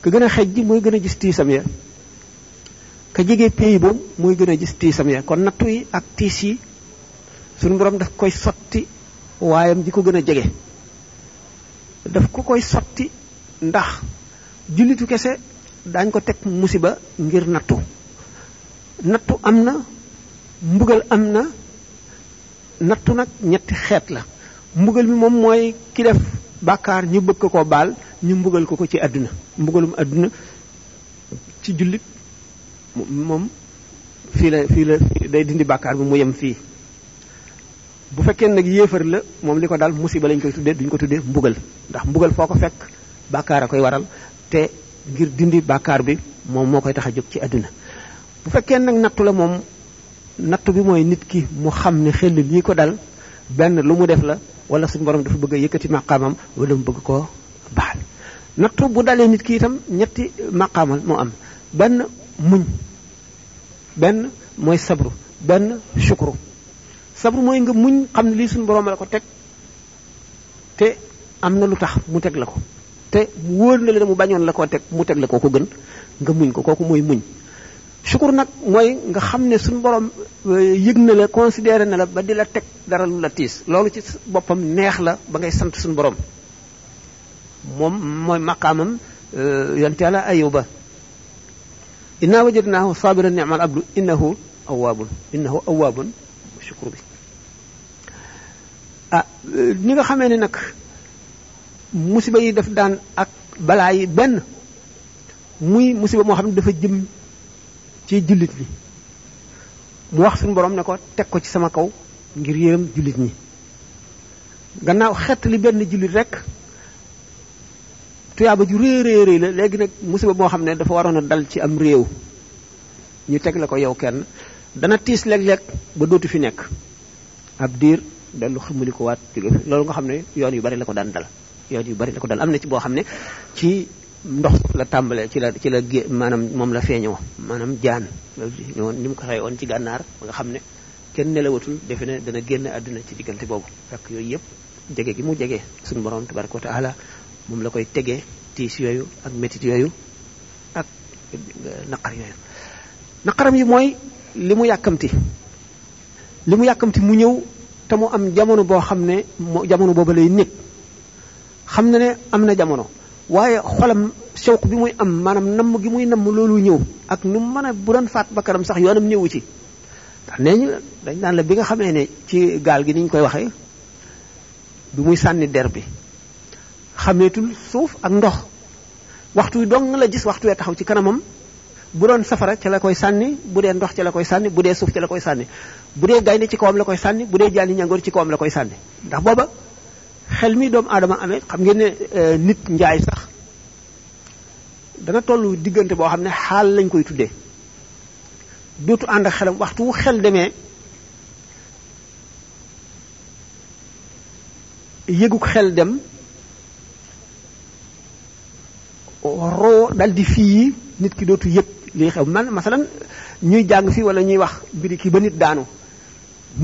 ka gën a xej xejji mooy gën a gis tiisam ya ka jege peey ba mooy gën a gis tiisam ya kon nattu yi ak tiis yi suñu borom daf koy sotti waayam di ko gën a jege daf ko koy sotti ndax jullitu kese daañ ko teg musiba ngir nattu nattu am na mbugal am na nattu nag ñetti xeet la mbugal bi moom mooy ki def bàkkaar ñu bëgg ko baal ñu mbugal ko ko ci àdduna mbugalum àdduna ci jullit moom fii la fii la day dindi bàkkaar bi mu yem fii bu fekkee nag yéefar la moom li ko daal musiba lañ koy tuddee duñ ko tuddee mbugal ndax mbugal foo ko fekk bàkkaar a koy waral te ngir dindi bàkkaar bi moom moo koy tax a jóg ci àdduna bu fekkee nag nattu la moom nattu bi mooy nit ki mu xam ne xel lii ko dal benn lu mu def la wala suñu borom dafa bëgg a yëkkati maqaamam wala mu bëgg koo baxal nattu bu dalee nit kii itam ñetti maqaamal moo am benn muñ benn mooy sabru benn shukru sabru mooy nga muñ xam ne lii suñu borom la ko teg te am na lu tax mu teg la ko te wóor na la mu bañoon la koo teg mu teg la koo ko gën nga muñ ko kooku mooy muñ sukur nag mooy nga xam ne suñ boroom eh, yëg na la considéré na la ba di la teg dara lu la tiis loolu ci boppam neex la ba ngay sant suñ boroom moom mooy maqaamam eh, yonte yàlla ayuba inna wajadnaahu sabiran ni'mal abdu innahu awaabun innahu awaabun sukkur bi ah ni eh, nga xamee nag musiba yi daf daan ak balaa yi benn muy musiba moo xam ne dafa jëm ci jullit ñi mu wax suñu borom ne ko teg ko ci sama kaw ngir yéem jullit ñi gannaaw xett li benn jullit rek tuyaaba ju réy réy la léegi nag musiba boo xam ne dafa waroon a dal ci am réew ñu teg la ko yow kenn dana tiis léeg-léeg ba dootu fi nekk ab diir dellu xamuliko waat jóge loolu nga xam ne yoon yu bari la ko daan dal yoon yu bari la ko dal am na ci boo xam ne ci ndox la tàmbalee ci la ci maanaam moom la feeñoo maanaam jaan ñoon ni mu ko xewoon ci gànnaar ba nga xam ne kenn nelawatul defe ne dana génn àdduna ci diggante boobu fekk yooyu yëpp jege gi mu jege suñu borom tabaraka wa taala moom la koy tegee tiis yooyu ak métit yooyu ak euh, naqar yooyu naqaram yi mooy li mu yàkkamti li mu yàkkamti mu ñëw te mu am jamono boo xam ne jamono boobu lay nekk xam na ne am na jamono waaye xolam shawq bi muy am maanaam namm gi muy namm loolu ñëw ak nu mën a bu doon faat bakkanam sax yoonam ñëwu ci ndax nee ñu dañ naan la bi nga xamee ne ci gaal gi ni ñu koy waxee bi muy sànni der bi xameetul suuf ak ndox waxtu dong la gis waxtu wee taxaw ci kanamam bu doon safara ca la koy sànni bu dee ndox ca la koy sànni bu dee suuf ca la koy sànni bu dee gaynde ci kawam la koy sànni bu dee jaani ñangoor ci kawam la koy sànni ndax booba xel mi doomu aadama amee xam ngeen euh, nit njaay sax dana tollu diggante boo xam ne xaal lañ koy tuddee dootu ànd ak xelam waxtu xel demee yëguk xel dem roo dal di fii nit ki dootu yëpp li xew man masalan ñuy jàng fii walla ñuy wax mbiri yi ba nit daanu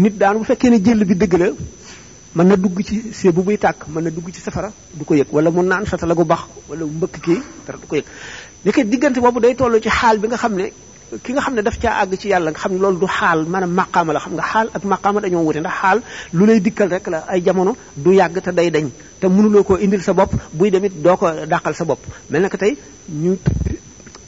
nit daanu bu fekkee ne jël bi dëgg la mën na dugg ci see bu buy tàkk mën na dugg ci safara du ko yëg wala mu naan sa satala gu baax wala mbëkk kii dara du ko yëg nekk diggante boobu day toll ci xaal bi nga xam ne ki nga xam ne daf caa àgg ci yàlla nga xam ne loolu du xaal maanaam maqaama la xam nga xaal ak maqaama dañoo wute ndax xaal lu lay dikkal rek la ay jamono du yàgg te day dañ te mënuloo koo indil sa bopp buy demit doo ko dàqal sa bopp mel na ko tey ñu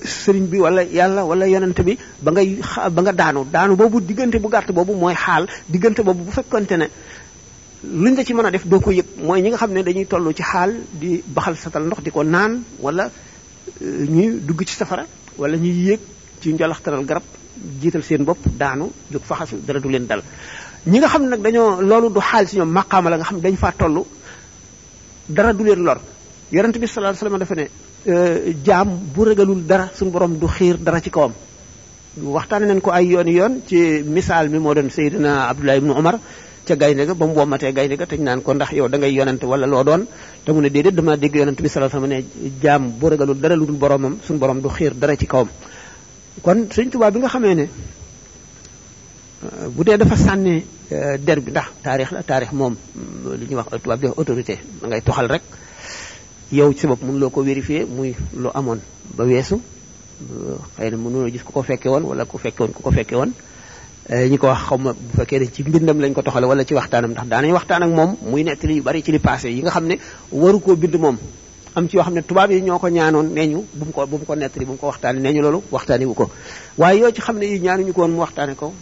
sëriñ bi wala yàlla wala yonent bi ba ngay ba nga daanu daanu boobu diggante bu gàtt boobu mooy xaal diggante boobu bu fekkonte ne luñ la ci mën a def doo ko yëg mooy ñi nga xam ne dañuy toll ci xaal di baxal satal ndox di ko naan wala euh, ñuy dugg ci safara wala ñuy yéeg ci njolaxtaral garab jiital seen bopp daanu jóg faxasu dara du leen dal ñi nga xam ne nag dañoo loolu du xaal si ñoom maqaama la nga xam ne dañ faa toll dara du leen lor yonent bi sallallahu alayhi wasallam dafa ne euh, jaam bu ragalul dara suñ borom du xiir dara ci kawam waxtaan nañ ko ay yoon yoon ci misaal mi moo doon Seydina Abdullah ibn Umar ca gaynde ga ba mu wommatee gaynde ga teñ naan ko ndax yow da ngay yonent wala loo doon te mu ne déedéet dama dégg yonent bi sallallahu alayhi wasallam ne jaam bu ragalul dara lu dul boromam suñu borom du xiir dara ci kawam kon Sëriñ Tuubaa bi nga xamee ne bu dee dafa sànni eh, der bi ndax taarix la taarix moom mm, li ñu wax tubaab di wax autorité da ngay toxal rek yow ci sa bopp loo ko vérifier muy lu amoon ba weesu eh, xëy na mënuloo gis ku ko fekke woon wala ku fekke ku ko fekke woon Eh, ñi ko wax xaw ma bu fekkee ne ci mbindam lañ ko toxale wala ci waxtaanam ndax daanañ waxtaan ak moom muy nettali yu bari ci li passé yi nga xam ne waru koo bind moom am ci yoo xam ne tubaab yi ñoo ko ñaanoon nee ñu bu mu ko ko nettali bu mu ko waxtaane nee ñu loolu waxtaane wu ko waaye yoo xam ne yi ñaanuñu ko woon mu waxtaane ko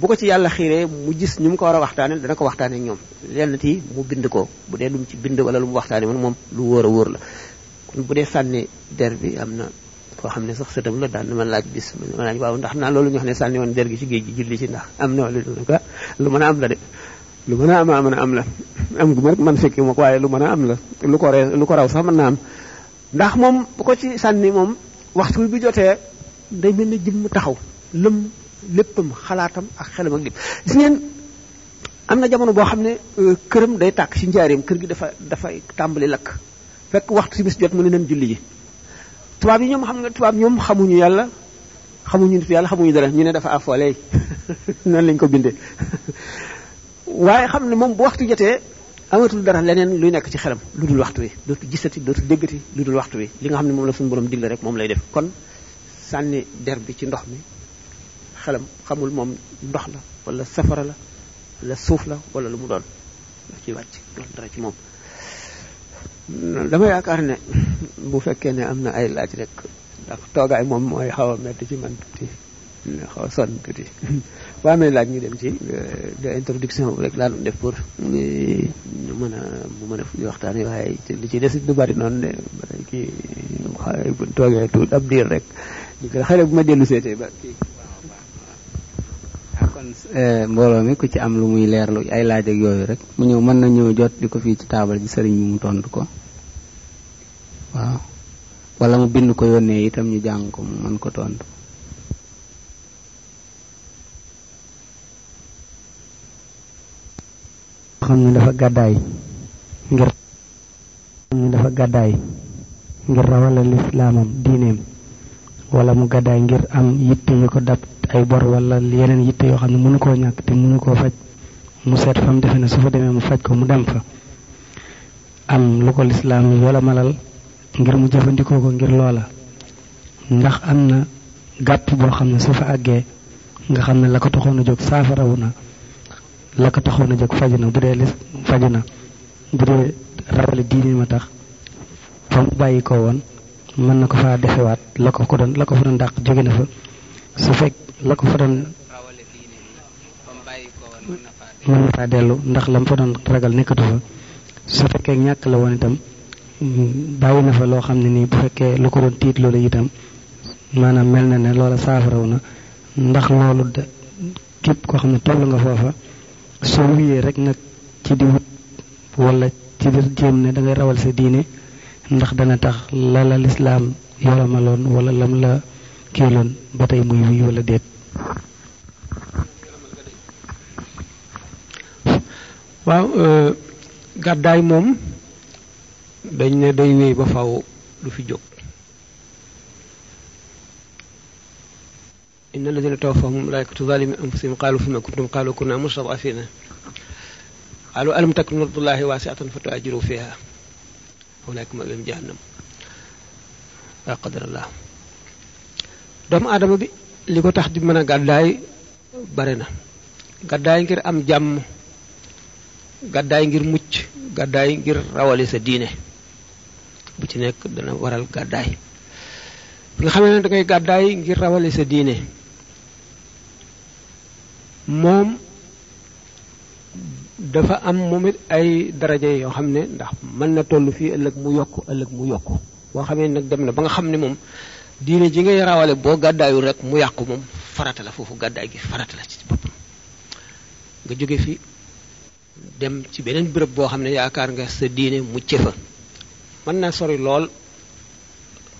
bu ko ci yàlla xiiree mu gis ñu mu ko war a waxtaanee dana ko waxtaanee ñoom lenn ti mu bind ko bu dee lu ci bind wala lu mu waxtaane moom lu wóor a wóor la kon bu dee sànni der bi am na koo xam ne sax sëtam la daan na ma laaj bis waaw ndax naa loolu ñu xam ne sànni woon der gi ci géej gi julli ci ndax am na wala ah, lu man a am la de lu man a am a mën a am la am gu ma rek man fekki ma ko waaye lu mën a am la lu ko re lu ko raw sax mën naa am ndax moom bu ko ci sànni moom waxtu bi jotee day mel ni jëmm taxaw lëm léppam xalaatam ak xelam ak lépp gis ngeen am na jamono boo xam ne euh, këram day tàkk ci njaareem kër gi dafa dafay tàmbali lakk fekk waxtu si bis jot mu ne nan julli ji tubaab yi ñoom xam nga tubaab ñoom xamuñu yàlla xamuñu nit yàlla xamuñu dara ñu ne dafa affolé noonu lañ ko bindee waaye xam ne moom bu waxtu jotee amatul dara leneen luy nekk ci xelam lu dul waxtu wi dootu gisati dootu déggati lu dul waxtu wi li nga xam ne moom la suñu borom digle rek moom lay def kon sànni der bi ci ndox mi xelam xamul moom ndox la wala safara la wala suuf la wala lu mu doon daf ciy wàcc loolu dara ci moom dama yaakaar ne bu fekkee ne am na ay laaj rek ndax toogaay moom mooy xaw a metti ci man tuuti xaw sonn tuuti bu amee laaj ñu dem ci euh, de introduction bu rek laa def pour mën a mu mën a fu ñu waxtaanee waaye li ci des du bari noonu kii xale bu toogee tuut ab diir rek di bu ma dellu seetee ba kii. Ah, kon euh, mbooloo mi ku ci am lu muy leer leerlu ay laaj ak yooyu rek mu ñëw mën na ñëw jot di ko fii ci taabal ji sëriñ mu tontu ko. wala mu bind ko yónnee itam ñu jàng ko mu mën ko tontu xam ne dafa gàddaay ngir xam ne dafa gàddaay ngir rawale lislaamam diineem wala mu gàddaay ngir am yitte yu ko dab ay bor wala yeneen yitte yoo xam ne mënu koo ñàkk te mënu koo faj mu seet fa mu defe ne su fa demee mu faj ko mu dem fa am lu ko lislaam yi wala malal ngir mu jëfandikoo ko ngir loola ndax am na gàpp boo xam ne su fa àggee nga xam ne la ko taxoon a jóg saafarawu na la ko taxoon a jóg faju na bu dee na bu dee rawale diine ma tax fa mu bàyyi ko woon mën na ko faa defewaat la ko la ko fa doon dàq jóge na fa su fekk la ko fa doon la mu ñàkk la woon itam bàyyi na fa loo xam ne nii bu fekkee lu ko doon tiit loolu itam maanaam mel na ne loola saafaraw na ndax loolu da képp koo xam ne toll nga foofa soo wuyee rek nag ci di wut wala ci di jéem ne da rawal sa diine ndax dana tax la la lislaam yoramaloon wala lam la kiiloon ba tey muy wii wala déet waaw euh, gàddaay moom dañ ne day wéy ba faw du fi jóg inna alladina tawaffahum malaikatu zalimi anfusihim qalu fima kuntum qalu kunna mustad'afina qalu alam takun ardullahi wasi'atan fatuhajiru fiha hunaka ma'wam jahannam wa qadarallah doomu aadama bi li ko tax di mën a gàddaay bare na gàddaay ngir am jàmm gàddaay ngir mucc gàddaay ngir rawale sa diine bu ci nekk dana waral gàddaay bi nga xamee ne da ngay gàddaay ngir rawale sa diine moom dafa am moom it ay daraja yoo xam ne ndax mën na toll fii ëllëg mu yokk ëllëg mu yokk boo xamee nag dem na ba nga xam ne moom diine ji ngay rawale boo gàddaayu rek mu yàqu moom farata la foofu gàddaay gi farata la nga jóge fi dem ci beneen béréb boo xam ne yaakaar nga sa diine mucc fa mën naa sori lool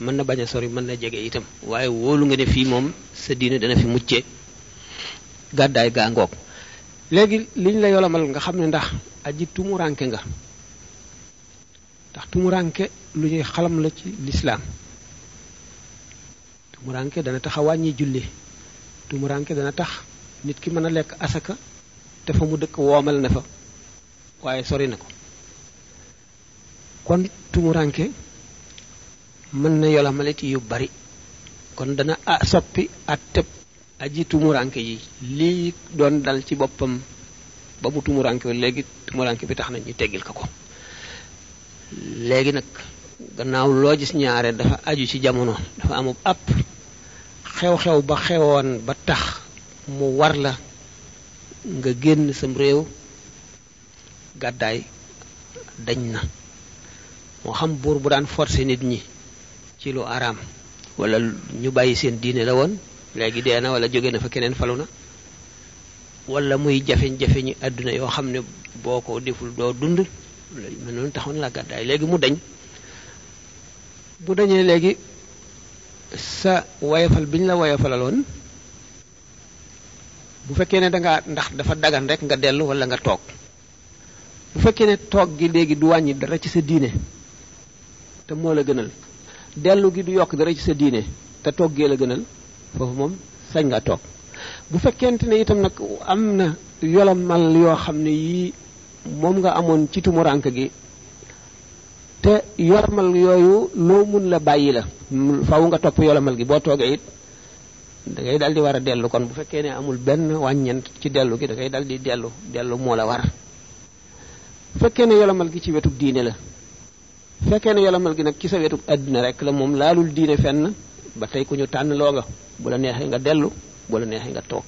mën na bañ a sori mën na jege itam waaye lu nga ne fii moom sa diine dana fi mucce gàddaay gàngook ngoog léegi liñ la yolamal nga xam ne ndax aji tumuranke nga ndax tumuranke lu ñuy xalam la ci lislaam tumuranke dana tax a wàññi julli tumuranke dana tax nit ki mën a lekk asaka te fa mu dëkk woomal na fa waaye sori na ko kon tumuranke mën na yolamale ci yu bari kon dana a soppi at tëb aji tumuranke yi lii doon dal ci boppam ba mu tumuranke léegi tumuranke bi tax na ñu teggil ko ko léegi nag gannaaw loo gis ñaare dafa aju ci jamono dafa amub àpp xew-xew ba xewoon ba tax mu war la nga génn sam réew gàddaay dañ na moo xam buur bu daan forcer nit ñi ci lu araam wala ñu bàyyi seen diine la woon léegi dee na wala jóge na fa keneen falu na wala muy jafeñ jafe ñi àdduna yoo xam ne boo ko deful doo dund mën noonu taxoon la gàddaay léegi mu deñ bu dañee léegi sa woyofal bi ñu la woyofalaloon bu fekkee ne danga ndax dafa dagan rek nga dellu wala nga toog bu fekkee ne toog gi léegi du wàññi dara ci sa diine te moo la gënal dellu gi du yokk dara ci sa diine te toggee la gënal foofu moom sañ nga toog bu fekkente ne itam nag am na yolomal yoo xam ne yii moom nga amoon ci tumuraanka gi te yolomal yooyu loo mun la bàyyi la faw nga topp yolomal gi boo toogee it da ngay dal di war a dellu kon bu fekkee ne amul benn wàññent ci dellu gi da ngay dal di dellu dellu moo la war fekkee ne yolomal gi ci wetu diine la fekkee ne yalamal gi nag ci sa wetu àddina rek la moom laalul diine fenn ba tey ku ñu tànn loo nga bu la neexee nga dellu bu la neexee nga toog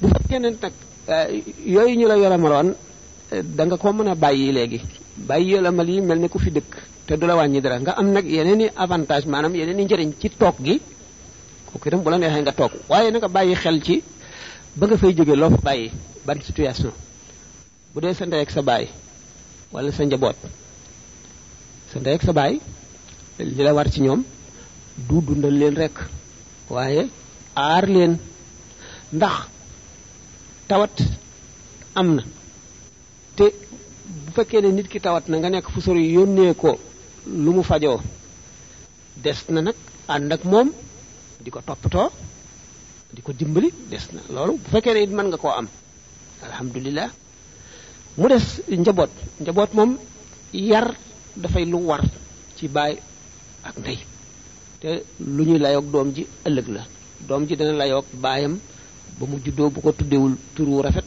bu fekkee ne nag eh, yooyu ñu la yalamaloon eh, da nga ko mën a bàyyi léegi bàyyi yalamal yi mel ne ku fi dëkk te du la wàññi dara nga am nag yeneen i avantage maanaam yeneen yi njëriñ ci toog gi kooku itam bu la neexee nga toog waaye nanga bàyyi xel ci ba nga fay jóge loo fa bàyyi ban situation bu dee sa ndey sa baay wala sa njaboot sa ndey ak sa baay li la war ci ñoom du dundal leen rek waaye aar leen ndax tawat am na te bu fekkee ne nit ki tawat na nga nekk fu sori yónnee ko lu mu fajoo des na nag ànd ak moom di ko toppatoo di ko dimbali des na loolu bu fekkee ne it mën nga koo am alhamdulilah mu des njaboot njaboot moom yar dafay lu war ci baay ak ndey te lu ñuy layoog doom ji ëllëg la doom ji dana layoog baayam ba mu juddoo bu ko tuddewul tur wu rafet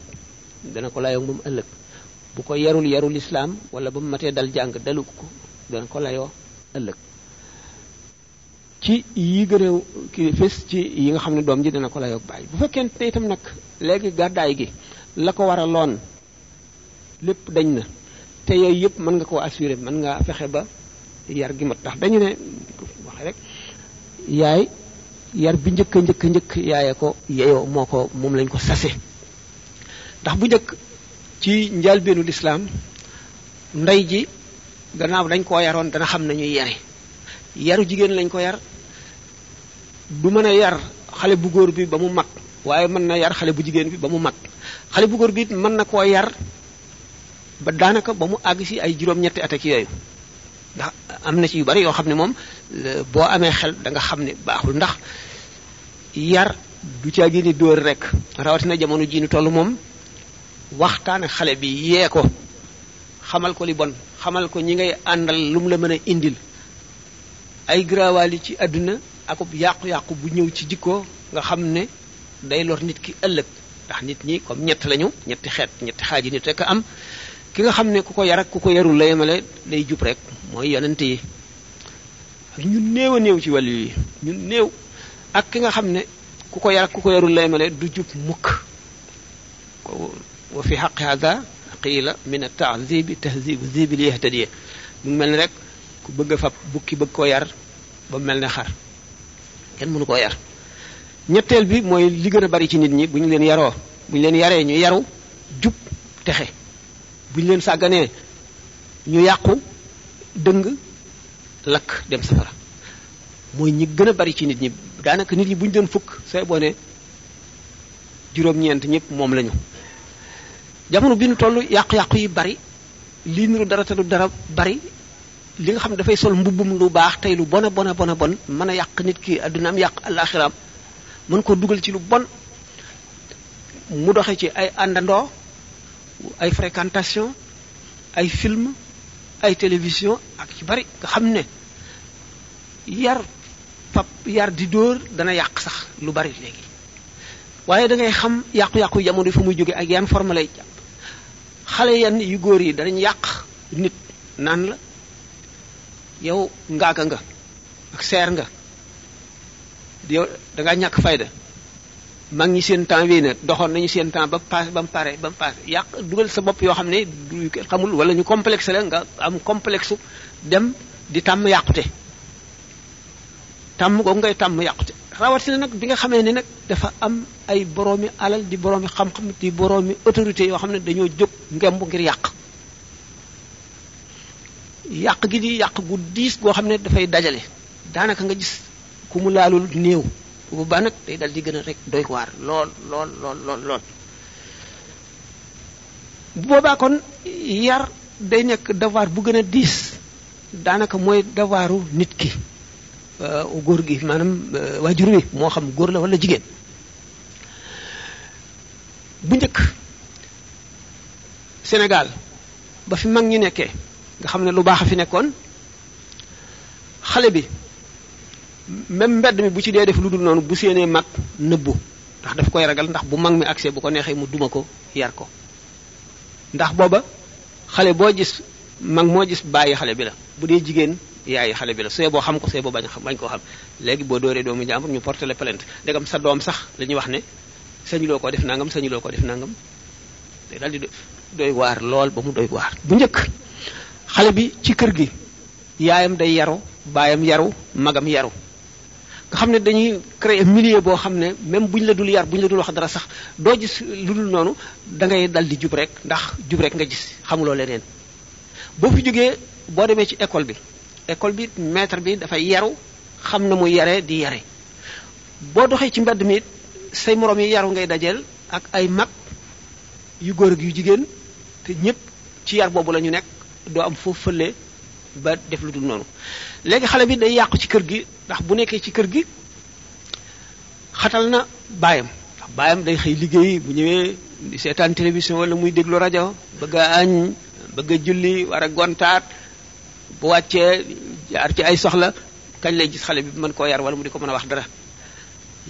dana ko layoog moom ëllëg bu ko yarul yarul islaam wala ba mu matee dal jàng dalu ko dana ko layoo ëllëg ci yi gën a ki ci yi nga xam ne doom ji dana ko layoog baay bu fekkente ne itam nag léegi gàddaay gi la ko waraloon lépp dañ na te yooyu yëpp mën nga ko assuré mën nga fexe ba yar gi mat ndax dañu ne waxe rek yaay yar bi njëkk njëkk njëkk yaaye ko yeyoo moo ko moom lañ ko sase ndax bu njëkk ci njëlbeenu lislaam ndey ji gannaaw dañ koo yaroon dana xam nañu yare yaru jigéen lañ ko yar du mën a yar xale bu góor bi ba mu mag waaye mën na yar xale bu jigéen bi ba mu mag xale bu góor bi mën na koo yar ba daanaka ba mu àgg si ay juróom-ñetti at ak ndax am na ci yu bari yoo xam ne moom boo amee xel danga xam ne baaxul ndax yar du caa génne dóor rek rawatina jamono jii nu toll moom waxtaan xale bi yee ko xamal ko li bon xamal ko ñi ngay àndal lu mu la mën a indil ay garawaali ci àdduna akub yàqu-yàqu bu ñëw ci jikko nga xam ne day lor nit ki ëllëg ndax nit ñi comme ñett lañu ñetti xeet ñetti xaaji nit rek am ki nga xam ne ku ko yar ak ku ko yarul la yemale lay jub rek mooy yonent yi ñu néew a néew ci wàll yi ñu néew ak ki nga xam ne ku ko yar ak ku ko yarul la male du jub mukk wa fi xaqi hada qiila min a tahzibi tahzibu zibil yahtadiye mu mel ni rek ku bëgg a fab bukki bëgg koo yar ba mel ni xar kenn mënu koo yar ñetteel bi mooy li gën a bari ci nit ñi bu ñu leen yaroo bu ñu leen yaree ñu yaru jub texe bu ñu leen sàgganee ñu yàqu dëng lakk dem safara mooy ñi gën a bari ci nit ñi daanaka nit ñi bu ñu doon fukk say bone ne juróom-ñeent ñëpp moom lañu jamono bi ñu toll yàqu-yàqu yi bari lii niru dara talu dara bari li nga xam ne dafay sol mbubbum lu baax tey lu bona bon bona bon mën a yàq nit ki addunaam yàq alaxiraam mën koo dugal ci lu bon mu doxe ci ay àndandoo ay fréquentation ay film ay télévision ak ci bari nga xam ne yar pap yar di dóor dana yàq sax lu bari léegi waaye dangay xam yàqu-yàqu jamono fu muy jóge ak yan forme lay jàpp xale yan yu góor yi danañ yàq nit naan la yow ngaaga nga ak seer nga yow da ñàkk fayda mag ñi seen temps wéy na doxoon nañu seen temps ba paase ba mu pare ba mu paase yàq dugal sa bopp yoo xam ne du xamul wala ñu complexe la nga am complexe dem di tàmm yàqute tàmm googu ngay tàmm yàqute rawatina nag bi nga xamee ne nag dafa am ay boroomi alal di boroomi xam-xam di boroomi autorité yoo xam ne dañoo jóg ngemb ngir yàq yàq gi di yàq gu diis goo xam ne dafay dajale daanaka nga gis ku mu laalul néew bu ba nag day dal di gën a rek doy waar lool lool lool lool lool bu boobaa kon yar day nekk devoir bu gën a diis daanaka mooy devoiru nit ki euh, góor gi maanaam euh, waajur wi moo xam góor la wala jigéen bu njëkk Sénégal ba fi mag ñi nekkee nga xam ne lu baax a fi nekkoon xale bi même mbedd mi bu ci dee def lu dul noonu bu séenee mag nëbbu ndax daf koy ragal ndax bu mag mi accès bu ko neexee mu duma ko yar ko ndax booba xale boo gis mag moo gis bàyyi xale bi la bu dee jigéen yaayi xale bi la sooy boo xam ko sooy boo bañ bañ koo xam léegi boo dooree doomu jàmbur ñu porté la plainte ndegam sa doom sax la wax ne sañu koo def nangam sañu loo ko def nangam te daal di doy waar lool ba mu doy waar bu njëkk xale bi ci kër gi yaayam day yaru baayam yaru magam yaru xam ne dañuy créer milieu boo xam ne même bu ñu la dul yar bu ñu la dul wax dara sax doo gis lu dul noonu da ngay dal di jub rek ndax jub rek nga gis xamuloo leneen boo fi jógee boo demee ci école bi école bi maître bi dafay yaru xam na mu yare di yare boo doxee ci mbedd mi say moroom yi yaru ngay dajeel ak ay mag yu góor ak yu jigéen te ñépp ci yar boobu la ñu nekk doo am foofu fële ba def lu dul noonu léegi xale bi day yàqu ci kër gi ndax bu nekkee ci kër gi xatal na baayam ndax baayam day xëy liggéey bu ñëwee di seetaan télévision wala muy déglu rajo bëgg añ bëgg a julli war a gontaat bu wàccee jaar ci ay soxla kañ lay gis xale bi mën koo yar wala mu di ko mën a wax dara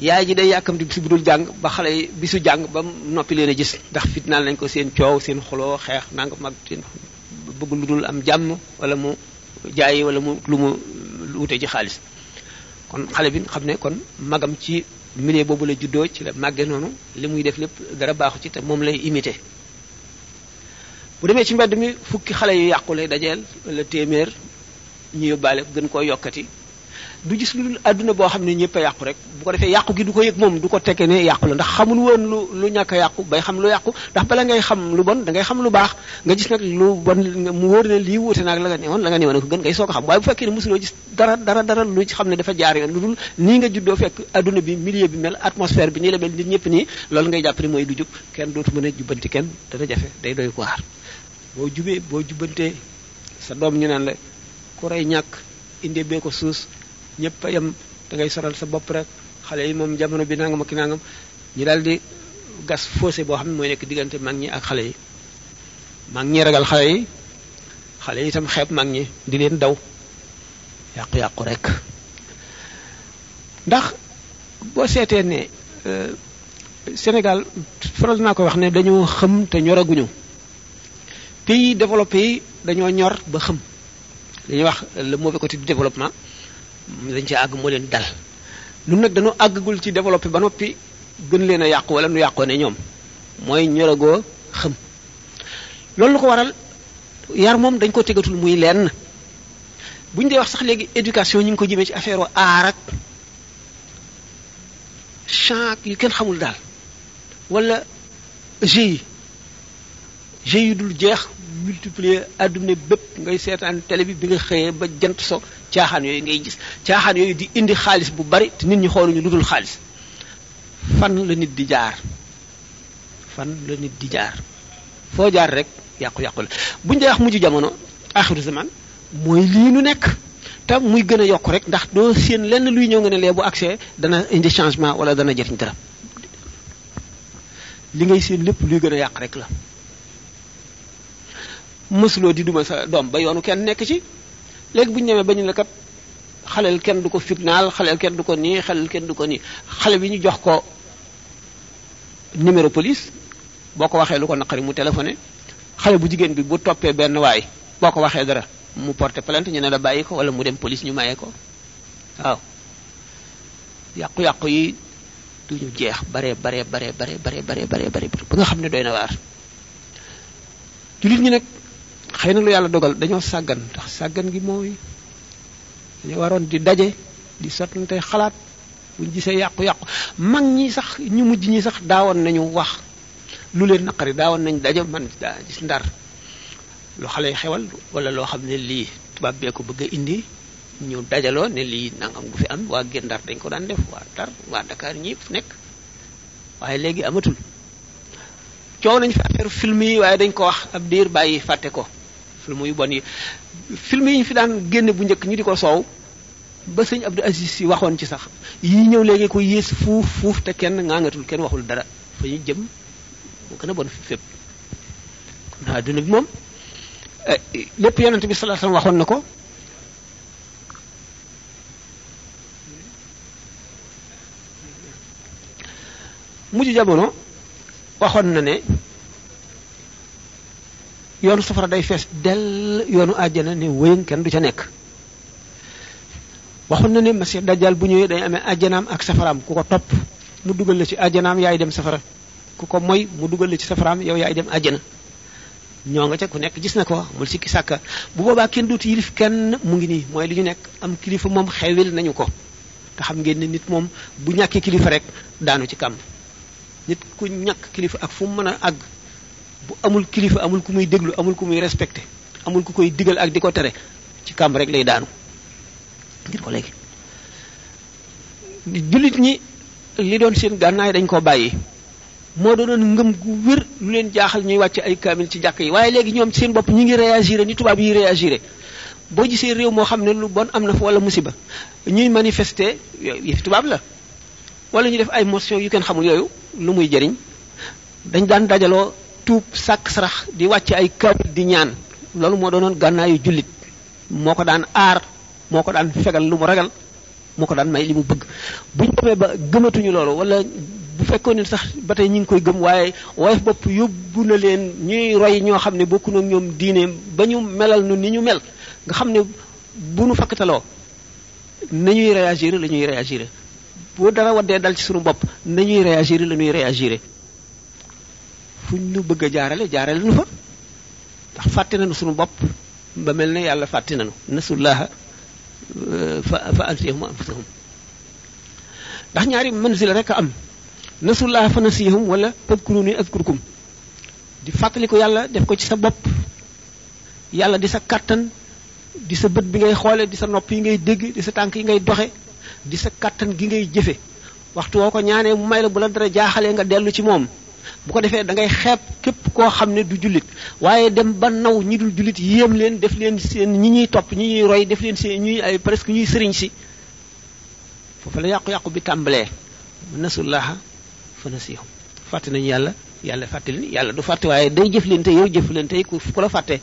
yaay ji day yàkkamti bisu bu dul jàng ba xale yi bisu jàng ba noppi leen a gis ndax fitnaal nañ ko seen coow seen xuloo xeex nanga mag seen bëgg lu dul am jàmm wala jaayee wala mu lu mu wute ci xaalis kon xale bi xam ne kon magam ci milieu boobu la juddoo ci la màggee noonu li muy def lépp dara baaxu ci te moom lay imité bu demee ci mbedd mi fukki xale yu yàqu lay dajeel la téeméer ñu yóbbaale gën koo yokkati du gis lu dul àdduna boo xam ne ñëpp yàqu rek bu ko defee yàqu gi du ko yëg moom du ko tekkee ne yàqu la ndax xamul woon lu lu ñàkk yàqu bay xam lu yàqu ndax bala ngay xam lu bon dangay xam lu baax nga gis nag lu bon mu wóor lii wuute naag la nga newoon la nga newoon ko gën ngay soo ko xam waaye bu fekkee ne mosuloo gis dara dara dara lu xam ne dafa jaar yoon lu dul nii nga juddoo fekk àdduna bi milieu bi mel atmosphère bi nii la mel nit nii loolu ngay jàpp ne mooy du jub kenn dootu mën a jubbanti kenn dana jafe day doy ko waar boo jubee boo sa doom ñu la ku rey ñàkk indee bee ko ñëpp a yem da ngay soral sa bopp rek xale yi moom jamono bi nangam ak ki nangam ñu daal di gas fossé boo xam ne mooy nekk diggante mag ñi ak xale yi mag ñi ragal xale yi xale yi itam xeeb mag ñi di leen daw yàqu-yàqu rek ndax boo seetee ne euh, Sénégal faral naa ko wax ne dañoo xëm te ñoraguñu pays développé yi dañoo ñor ba xam dañuy wax le mauvais côté du développement dañ ci àgg moo leen dal lu nag dañoo àggagul ci développé ba noppi gën leen a yàqu wala nu yàqoo ne ñoom mooy ñoragoo xam loolu lu ko waral yar moom dañ ko tegatul muy leen bu ñu dee wax sax léegi éducation ñu ngi ko jëmee ci affaire u aar ak champs yu kenn xamul daal walla GIE GIE yu dul jeex multiplier adduna bépp ngay seetaan télé bi nga xëyee ba jant so caaxaan yooyu ngay gis caaxaan yooyu di indi xaalis bu bari te nit ñi xooluñu lu dul xaalis fan la nit di jaar fan la nit di jaar foo jaar rek yàqu-yàqu la buñ dee wax mujj jamono axiru zaman mooy lii nu nekk te muy gën a yokk rek ndax doo seen lenn luy ñëw nga ne leebu bu accès dana indi changement wala dana jëriñ dara li ngay seen lépp luy gën a yàq rek la mësuloo di duma sa doom ba yoonu kenn nekk ci léegi bu ñu demee ba ñu ne kat xaleel kenn du ko fitnaal xaleel kenn du ko nii xaleel kenn du ko nii xale bi ñu jox ko numéro police boo ko waxee lu ko naqari mu téléphoné xale bu jigéen bi bu toppee benn waay boo ko waxee dara mu porté plainte ñu ne la bàyyi ko wala mu dem police ñu maye ko waaw yàqu-yàqu yi duñu jeex bare bare bare bare bare bare bare bare ba nga xam ne doy na waar jullit ñi nag xëy na lu yàlla dogal dañoo sàggan ndax sàggan gi mooy dañoo waroon di daje di sottante xalaat buñ gisee yàqu-yàqu mag ñi sax ñu mujj ñi sax daawoon nañu wax lu leen naqari daawoon nañ daje man daa gis ndar lu xale yi xewal wala loo xam ne lii tubaab bee ko bëgg a indi ñu dajaloo ne lii nangam du fi am waa gén ndar dañ ko daan def waa ndar waa ñi fu nekk waaye léegi amatul coow nañ fi affaire film yi waaye dañ ko wax ab diir bàyyi fàtte ko film yu yi ñu fi daan génne bu njëkk ñu di ko soow ba sëñ Abdou Aziz si waxoon ci sax yi ñëw léegi ko yées fuuf fuuf te kenn ngaangatul kenn waxul dara fa ñu jëm moo bi moom eh, lépp yonent bi sallallahu waxoon na ko mujj jamono waxoon na ne yoonu safara day fees dell yoonu àjjana ne wëyën kenn du ca nekk waxoon na ne masih dajal bu ñëwee day amee àjjanaam ak safaraam ku ko topp mu dugal la ci àjjanaam yaay dem safara ku ko moy mu dugal la ci safaraam yow yaay dem àjjana ñoo nga ca ku nekk gis na ko mul sikki sàkka bu boobaa kenn du yilif kenn mu ngi nii mooy li ñu nekk am kilifa moom xewil nañu ko te xam ngeen nit moom bu ñàkkee kilifa rek daanu ci kàmb nit ku ñàkk kilifa ak fu mu mën a àgg bu amul kilifa amul ku muy déglu amul ku muy respecté amul ku koy digal ak di ko tere ci kàmb rek lay daanu ngir ko léegi jullit ñi li doon seen gànnaay dañ ko bàyyi moo doonoon ngëm gu wér lu leen jaaxal ñuy wàcc ay kaamil ci jàkk yi waaye léegi ñoom seen bopp ñu ngi réagir ni tubaab yi réagir boo gisee réew moo xam ne lu bon am na fa wala musiba ñuy manifester yëf tubaab la wala ñu def ay motion yu kenn xamul yooyu lu muy jariñ dañ daan dajaloo tuub sàkk sarax di wàcc ay kaamil di ñaan loolu moo doonoon gànnaayu jullit moo ko daan aar moo ko daan fegal lu mu ragal moo ko daan may li mu bëgg bu ñu demee ba gëmatuñu loolu wala bu fekkoon ne sax ba tey ñu ngi koy gëm waaye woyof bopp yóbbu na leen ñuy roy ñoo xam ne bokku nag ñoom diine ba ñu melal nu ni ñu mel nga xam ne bu nu fakkataloo nañuy réagir la ñuy réagir boo dara waddee dal ci sunu bopp na ñuy réagir la ñuy réagir fuñ nu bëgg a jaarale jaarale nu fa ndax fàtte nañu suñu bopp ba mel ne yàlla fàtte nañu nasullaha euh, fa fa ansiyahum anfusahum ndax ñaari manzil rek a am nasullaha fa nasiyahum wala fadkuruni azkurkum di fàttaliku yàlla def ko ci sa bopp yàlla di sa kàttan di sa bët bi ngay xoole di sa nopp yi ngay dégg di sa tànk yi ngay doxe di sa kàttan gi ngay jëfe waxtu woo ko ñaanee mu may la bu la dara jaaxalee nga dellu ci moom bu ko defee da ngay xeeb képp koo xam ne du jullit waaye dem ba naw ñi dul jullit yéem leen def leen seen ñi ñuy topp ñi ñuy roy def leen seen ñuy ay presque ñuy sëriñ si foofu la yàqu-yàqu bi tàmbalee nasullaha fa nasihum fàtte nañ yàlla yàlla fàtte leen yàlla du fàtte waaye day jëf leen te yow jëf leen te ku la fàtte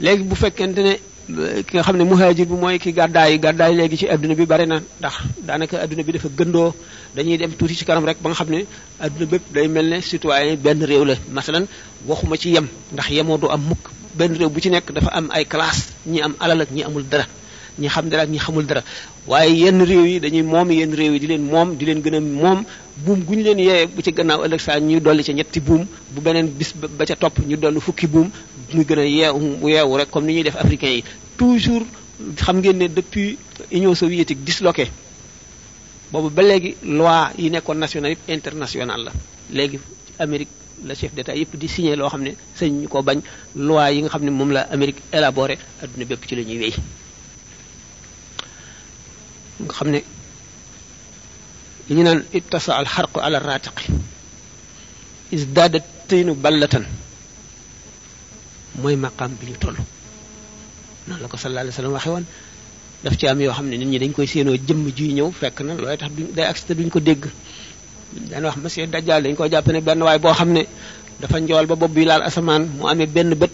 léegi bu fekkente ne ki nga xam ne muhaajir bi mooy ki gàddaay gàddaay léegi ci àdduna bi bari na ndax daanaka àdduna bi dafa gëndoo dañuy dem tuuti ci kanam rek ba nga xam ne adduna bépp day mel ne waaye benn réew la masalan waxuma ci yem ndax yemoo du am mukk benn réew bu ci nekk dafa am ay classe ñi am alal ak ñi amul dara ñi xam dara ak ñi xamul dara waaye yenn réew yi dañuy moom yenn réew yi di leen moom di leen gën a moom buum gu ñu leen yee bu ci gannaaw ëllëg saa ñuy dolli ca ñetti buum bu beneen bis ba ca topp ñu dolli fukki buum muy gën a yeewu mu rek comme ni ñuy def africains yi toujours xam ngeen ne depuis Union soviétique disloqué boobu ba léegi loi yi nekkoon national yëpp international la léegi Amérique la chef d'état yëpp di signé loo xam ne sañ ko bañ loi yi nga xam ne moom la Amérique élaboré adduna bépp ci la ñuy wéy nga xam ne li ñu naan ittasa al xarqu ala ratiqi isdaada tinu ballatan mooy maqam bi ñu toll noonu la ko sallallahu alayhi wasallam waxe woon daf ci am yoo xam ne nit ñi dañ koy séenoo jëmm ji ñëw fekk na looy tax duñ day accepté duñ ko dégg daan wax monsieur Dajjal dañ ko jàppane benn waay boo xam ne dafa njool ba bopp bi laal asamaan mu amee benn bët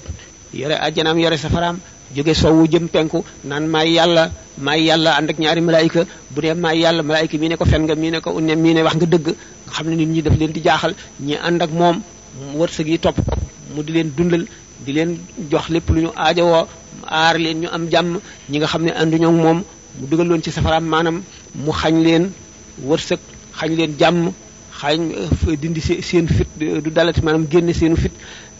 yore ajjanaam yore safaraam jóge sowwu jëm penku naan maay yàlla maay yàlla ànd ak ñaari malaayika bu ne maa yàlla malaayika mii ne ko fen nga mii ne ko une mii ne wax nga dëgg nga xam ne nit ñi daf leen di jaaxal ñi ànd ak moom wërsëg yi topp di leen jox lépp lu ñu aajowoo aar leen ñu am jàmm ñi nga xam ne ànduñu moom mu dugal loon ci safaraam maanaam mu xañ leen wërsëg xañ leen jàmm xaañ euh, dindi seen fit euh, du dalati maanaam génne seenu fit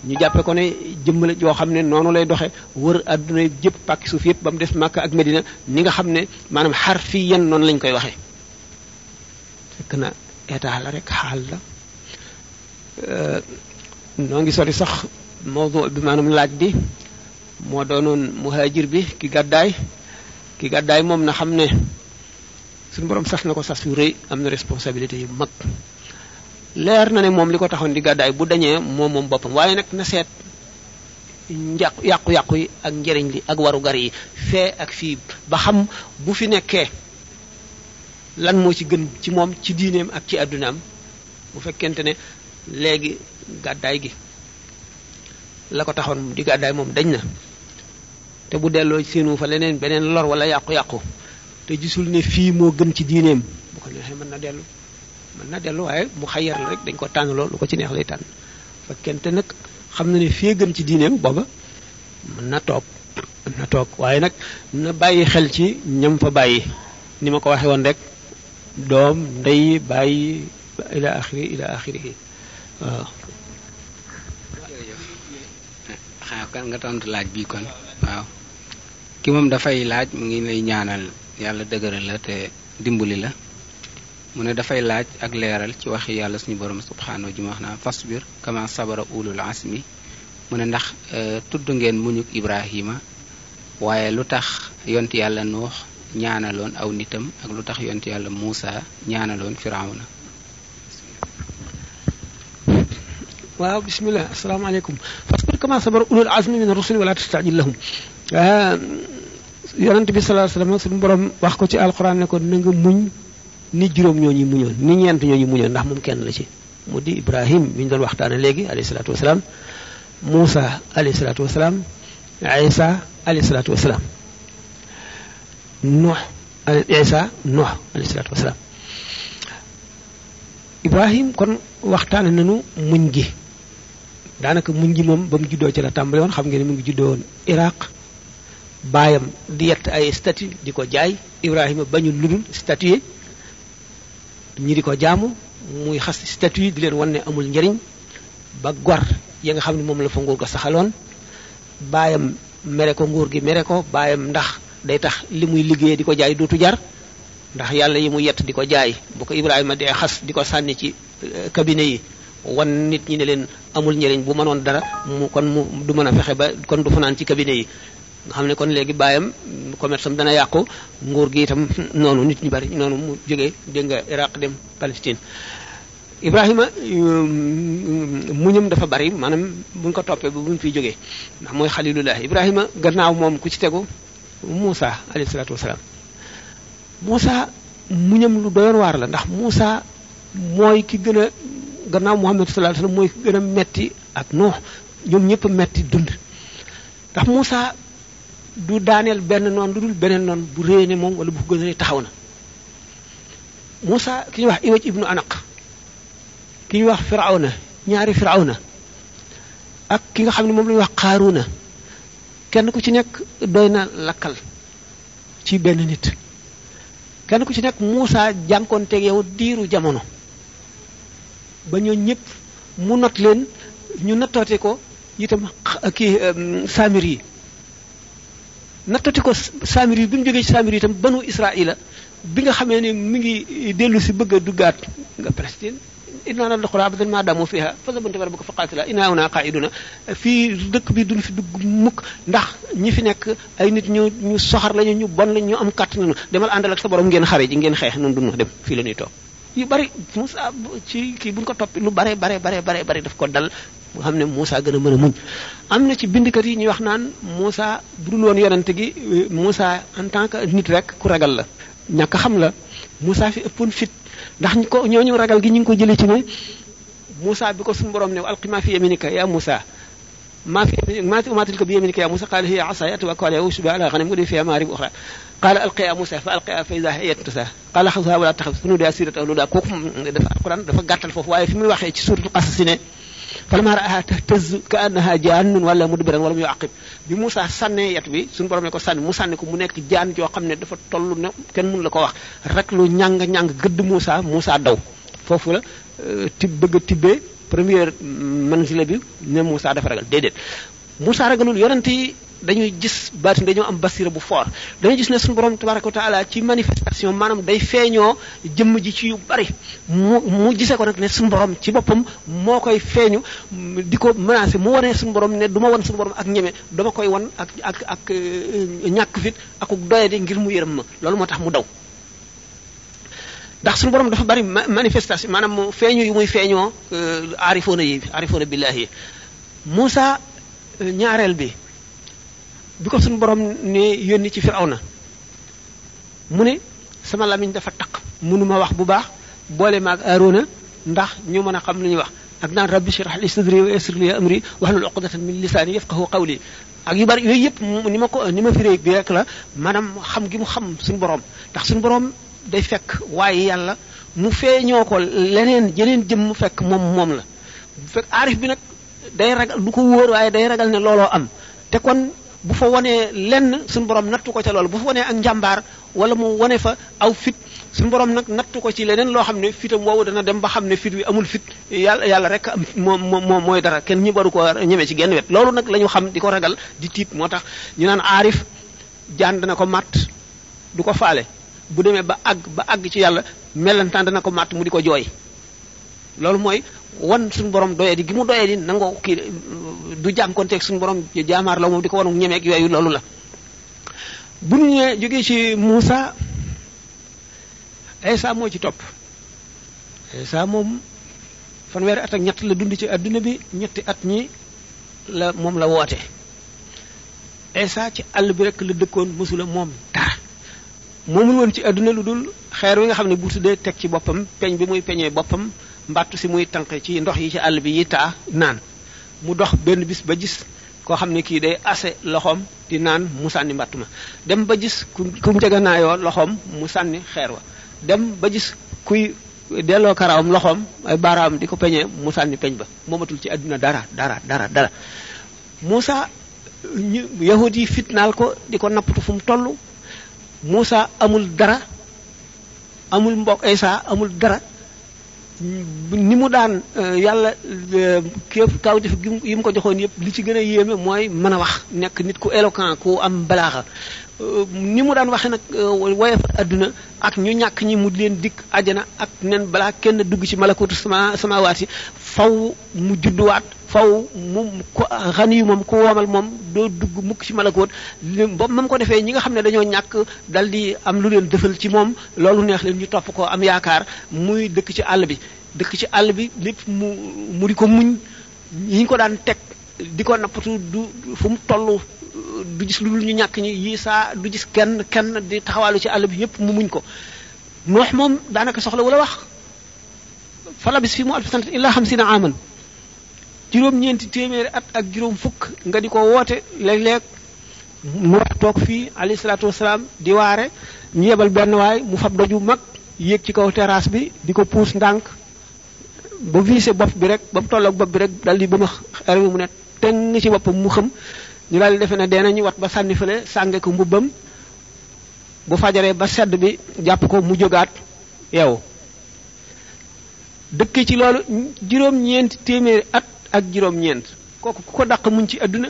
ñu jàppe ko ne jëmm la joo xam ne noonu lay doxe wër àdduna jëpp pàkki suuf yëpp ba mu def Màkka ak Medina ni nga xam ne maanaam xar fii yan noonu lañ koy waxee fekk na état la rek xaal la euh, noo ngi sori sax mawdu bi laaj bi moo doonoon muhaajir bi ki gàddaay ki gàddaay moom na xam ne suñu borom na ko sas yu am na responsabilité yu mag leer na ne moom li ko taxoon di gàddaay bu dañee moom moom boppam waaye nag na seet njàqu yàqu-yàqu yi ak njëriñ li ak waru gar yi fee ak fii ba xam bu fi nekkee lan moo ci gën ci moom ci diineem ak ci àddunaam bu fekkente ne léegi gàddaay gi la ko taxoon di gàddaay moom dañ na te bu delloo seenu fa leneen beneen lor wala yàqu-yàqu te gisul ne fii moo gën ci diineem bu ko neexee mën na dellu mën na dellu waaye mu xayyar la rek dañ ko tànn loolu lu ko ci neex lay tànn fekkente nag xam na ne fii gën ci diineem booba mën na toog mën na toog waaye nag na bàyyi xel ci ñam fa bàyyi ni ma ko waxee woon rek doom ndey bàyyi ila axiri ila axiri waaw ah kan nga tontu laaj bi kon waaw ki moom dafay laaj mu ngi lay ñaanal yàlla dëgëral la te dimbali la mu ne dafay laaj ak leeral ci waxi yàlla suñu borom subxanahu ji ma wax naa fasbir kama sabara ulul asmi mu ne ndax euh, tudd ngeen muñuk Ibrahima waaye lu tax yont yàlla nuux ñaanaloon aw nitam ak lu tax yont yàlla Muusa ñaanaloon Firawna waaw bisimilah asalaamaaleykum fasbir kama sabara ulul azmi min rusuli wala tastajil lahum ah, yonent bi sallallahu alayhi wasallam suñu borom wax ko ci alquran ne ko na nga muñ ni juróom ñooñu muñoon ni ñeent ñooñu muñoon ndax moom kenn la ci mu di ibrahim bi ñu doon waxtaane léegi alayhi salaatu wasalaam muusa alayhi salaatu wasalaam isa alayhi nuux ibrahim kon waxtaane nañu muñ gi daanaka muñ gi moom ba mu juddoo ci la tàmbali xam ngeen ne mu ngi juddoo woon Iraq baayam di yett ay statue di ko jaay Ibrahima bañul ludul statue ñu di ko jaamu muy xas yi di leen wan ne amul njariñ ba gor ya nga xam ne moom la fa nguur ga saxaloon baayam mere ko nguur gi mere ko baayam ndax day tax li muy liggéeyee di ko jaay dootu jar ndax yàlla yi mu yett di ko jaay bu ko Ibrahima dee xas di ko sànni ci euh, cabinet yi wan nit ñi ne leen amul njëriñ bu manoon dara mu kon mu du mën a fexe ba kon du fanaan ci cabinet yi nga xam ne kon léegi baayam commerce dana yàqu nguur gi itam noonu nit ñu bari noonu mu jóge dégg nga Iraq dem Palestine Ibrahima euh, muñam dafa bari maanaam buñ ko toppee ba buñ fi jógee ndax mooy xalilullah Ibrahima gannaaw moom ku ci tegu Muusa alayhi salaatu wasalaam Muusa muñam lu doyoon la ndax Muusa mooy ki gën gannaaw Muhammad sallallahu alayhi wasallam mooy gën a metti ak Nuux ñoom ñëpp metti dund ndax Muusa du daaneel benn noon lu dul beneen noon bu réy ne moom wala bu ko gën a taxaw na musaa ki ñuy wax Iwaj ibnu Anaq ki ñuy wax Firawna ñaari Firawna ak ki nga xam ne moom la wax xaaru na kenn ku ci nekk doy na lakkal ci benn nit kenn ku ci nekk Muusa jànkoonteeg yow diiru jamono ba ñoo ñëpp mu not leen ñu nattoote ko itam kii euh, saamir yi nattoote ko saamir yi bi mu jógee ci saamir yi itam banu israila bi nga xamee ne mu ngi dellu si bëgg a duggaat nga Palestine inaa la doxalaa abadan maa daamu fa qaatila inaa una qaiduna fii dëkk bi duñ fi dugg mukk ndax ñi fi nekk ay nit ñu ñu soxar lañu ñu bon lañu ñu am kàtt nañu demal àndal ak sa borom ngeen xare ji ngeen xeex noonu duñu dem fii la ñuy toog yu bari Moussa ci kii buñ ko toppi lu bare bare bare bare bare daf ko dal moo xam ne Moussa gën a mën a muñ am na ci bindkat yi ñuy wax naan Moussa bu dul woon yonent gi Moussa en tant que nit rek ku ragal la ñàkk xam la Moussa fi ëppoon fit ndax ñu ko ñooñu ragal gi ñu ngi ko jëlee ci ne Moussa bi ko suñu borom ne alqima fi yaminika ya Moussa maa fi maa tilka bi yaminika ya Moussa qaala hiya asaaya atawakkalu alayha wa usbi ala ghanami wa li fiha ma'arib ukhra qaala alqiya Musa fa alqiya fa iza hiya tusa qaala xasuha wala taxaf sunuuda siiratahu luda kooku dafa alquran dafa gàttal foofu waaye fi muy waxee ci suuratul Qasas ne falammaa ra'ahaa tahtazzu ka'annahaa jaannun wala mudbiran wala mu yu'aqib bi Musa sànnee yet bi suñu borom ne ko sànni mu sànni ko mu nekk jaan joo xam ne dafa toll ne kenn mënu la ko wax rek lu ñàng ñàng gëdd muusa Musa daw foofu la euh, ti bëgg a tibbee première mm, manzila bi ne Musa dafa ragal déedéet dañuy gis baatin dañoo am basira bu fort dañuy gis ne suñu borom tabaraka wa taala ci manifestation maanaam day feeñoo jëmm ji ci yu bari mu mu gisee ko nag ne suñu borom ci boppam moo koy feeñu di ko menacé mu waree suñu borom ne du ma wan suñu ak ñeme dama koy wan ak ak ak euh, ñàkk fit ak doyadi ngir mu yërëm ma loolu moo tax mu daw ndax suñu borom dafa bari manifestation maanaam feeñu yu muy feeñoo euh, aarifoona yi aarifoona billaahi yi Muusa euh, ñaareel bi bi ko suñu boroom ne yónni ci na mu ne sama lamiñ dafa taq mënuma wax bu baax boole ak Aarona ndax ñu mën a xam lu ñuy wax ak naan rabbi shrah li sadri wa yassir li amri wahlul uqdatan min lisaani yafqahu qawli ak yu bari yooyu yëpp ni ma ko ni ma firée bi rek la maanaam xam gi mu xam suñ boroom ndax suñu boroom day fekk waaye yàlla mu feeñoo ko leneen jeneen jëm mu fekk moom moom la bu aarif bi nag day ragal du ko wóor waaye day ragal ne looloo am bu fa wonee lenn suñ borom nattu ko ca loolu bu fa wonee ak njàmbaar wala mu wone fa aw fit suñu borom nag nattu ko ci leneen loo xam ne fitam woowu dana dem ba xam ne fit wi amul fit yàlla yàlla am moom moom mooy dara kenn ñu waru ko ñeme ci genn wet loolu nag la ñu xam di ko ragal di tiit moo tax ñu naan aarif jaan dana ko màtt du ko faale bu demee ba àgg ba àgg ci yàlla melantaan dana ko màtt mu di ko jooy loolu mooy wan suñu borom doye di gi mu doye di nangoo kii du jaam konteeg suñu borom jaamaar la moom di ko wanu ñemeeg yooyu loolu la bu ñu ñëwee jógee ci Muusa Isa moo ci topp Isa moom fanweeri at ak ñett la dund ci àdduna bi ñetti at ñi la moom la woote Isa ci àll bi rek la dëkkoon mësula moom dara moomul woon ci àdduna lu dul xeer wi nga xam ne bu tuddee teg ci boppam peñ bi muy peñee boppam mbattu si muy tànq ci ndox yi ci àll bi yi taa naan mu dox benn bis ba gis koo xam ne kii day ase loxoom di naan mu sànni mbattu ma dem ba gis ku ku njëganaayoo loxoom mu sànni xeer wa dem ba gis kuy delloo karaawam loxoom ay baaraam di ko peñee mu sànni peñ ba moomatul ci àdduna dara dara dara dara Muusa ñu yahud yi fitnaal ko di ko nappatu fu mu toll Muusa amul dara amul mbokk Isa amul dara ni mu daan euh, yàlla euh, kaw kawtif gi yi mu ko joxoon yépp li ci gën a yéeme mooy mën a wax nekk nit ku éloquent ko am balaaxa Euh, ni mu daan waxee nag euh, woyefal adduna ak ñu ñàkk ñi mu leen dikk ajana ak nen balaa kenn dugg ci malakutu sama sama waat yi faw mu judduwaat faw mu ko xani yu moom ko woomal moom doo dugg mukk ci malakoot ba mu ko defee ñi nga xam ne dañoo ñàkk dal di am lu leen dëfal ci moom loolu neex leen ñu topp ko am yaakaar muy dëkk ci àll bi dëkk ci àll bi lépp mu mu di ko muñ yi ñu ko daan teg di ko nappatu du fu mu toll du gis lu dul ñu ñàkk ñi yi saa du gis kenn kenn di taxawaalu ci àll bi yépp mu muñ ko noox moom daanaka soxla wala wax fala bis fi mu alfi sanat illaa xamsina aman juróom-ñeenti téeméeri at ak juróom fukk nga di ko woote léeg-léeg mu wax toog fii alayhi salaatu wasalaam di waare ñu yebal benn waay mu fab doju mag yéeg ci kaw terrasse bi di ko puus ndànk ba viisé bopp bi rek ba mu tolloog bopp bi rek dal di ba ma xeer mu ne teng ci boppam mu xam ñu daal di defe ne dee nañu wat ba sànni fële sànge ko mbubbam bu fajaree ba sedd bi jàpp ko mu jógaat yow dëkk ci loolu juróom-ñeent téeméeri at ak juróom-ñeent kooku ku ko dàq muñ ci àdduna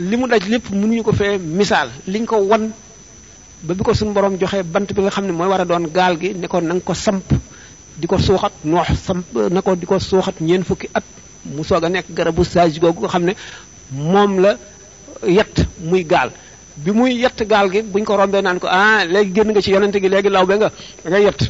li mu daj lépp mënuñu ko fee misaal liñ ko wan ba bi ko suñu boroom joxee bant bi nga xam ne mooy war a doon gaal gi ne ko na ko samp di ko suuxat noox samp na ko di ko suuxat ñeent fukki at mu soog a nekk garabu saaj googu nga xam ne moom la yet muy gaal bi muy yett gaal gi buñ ko rombee naan ko ah léegi génn nga ci yonente gi léegi law be nga da ngay yett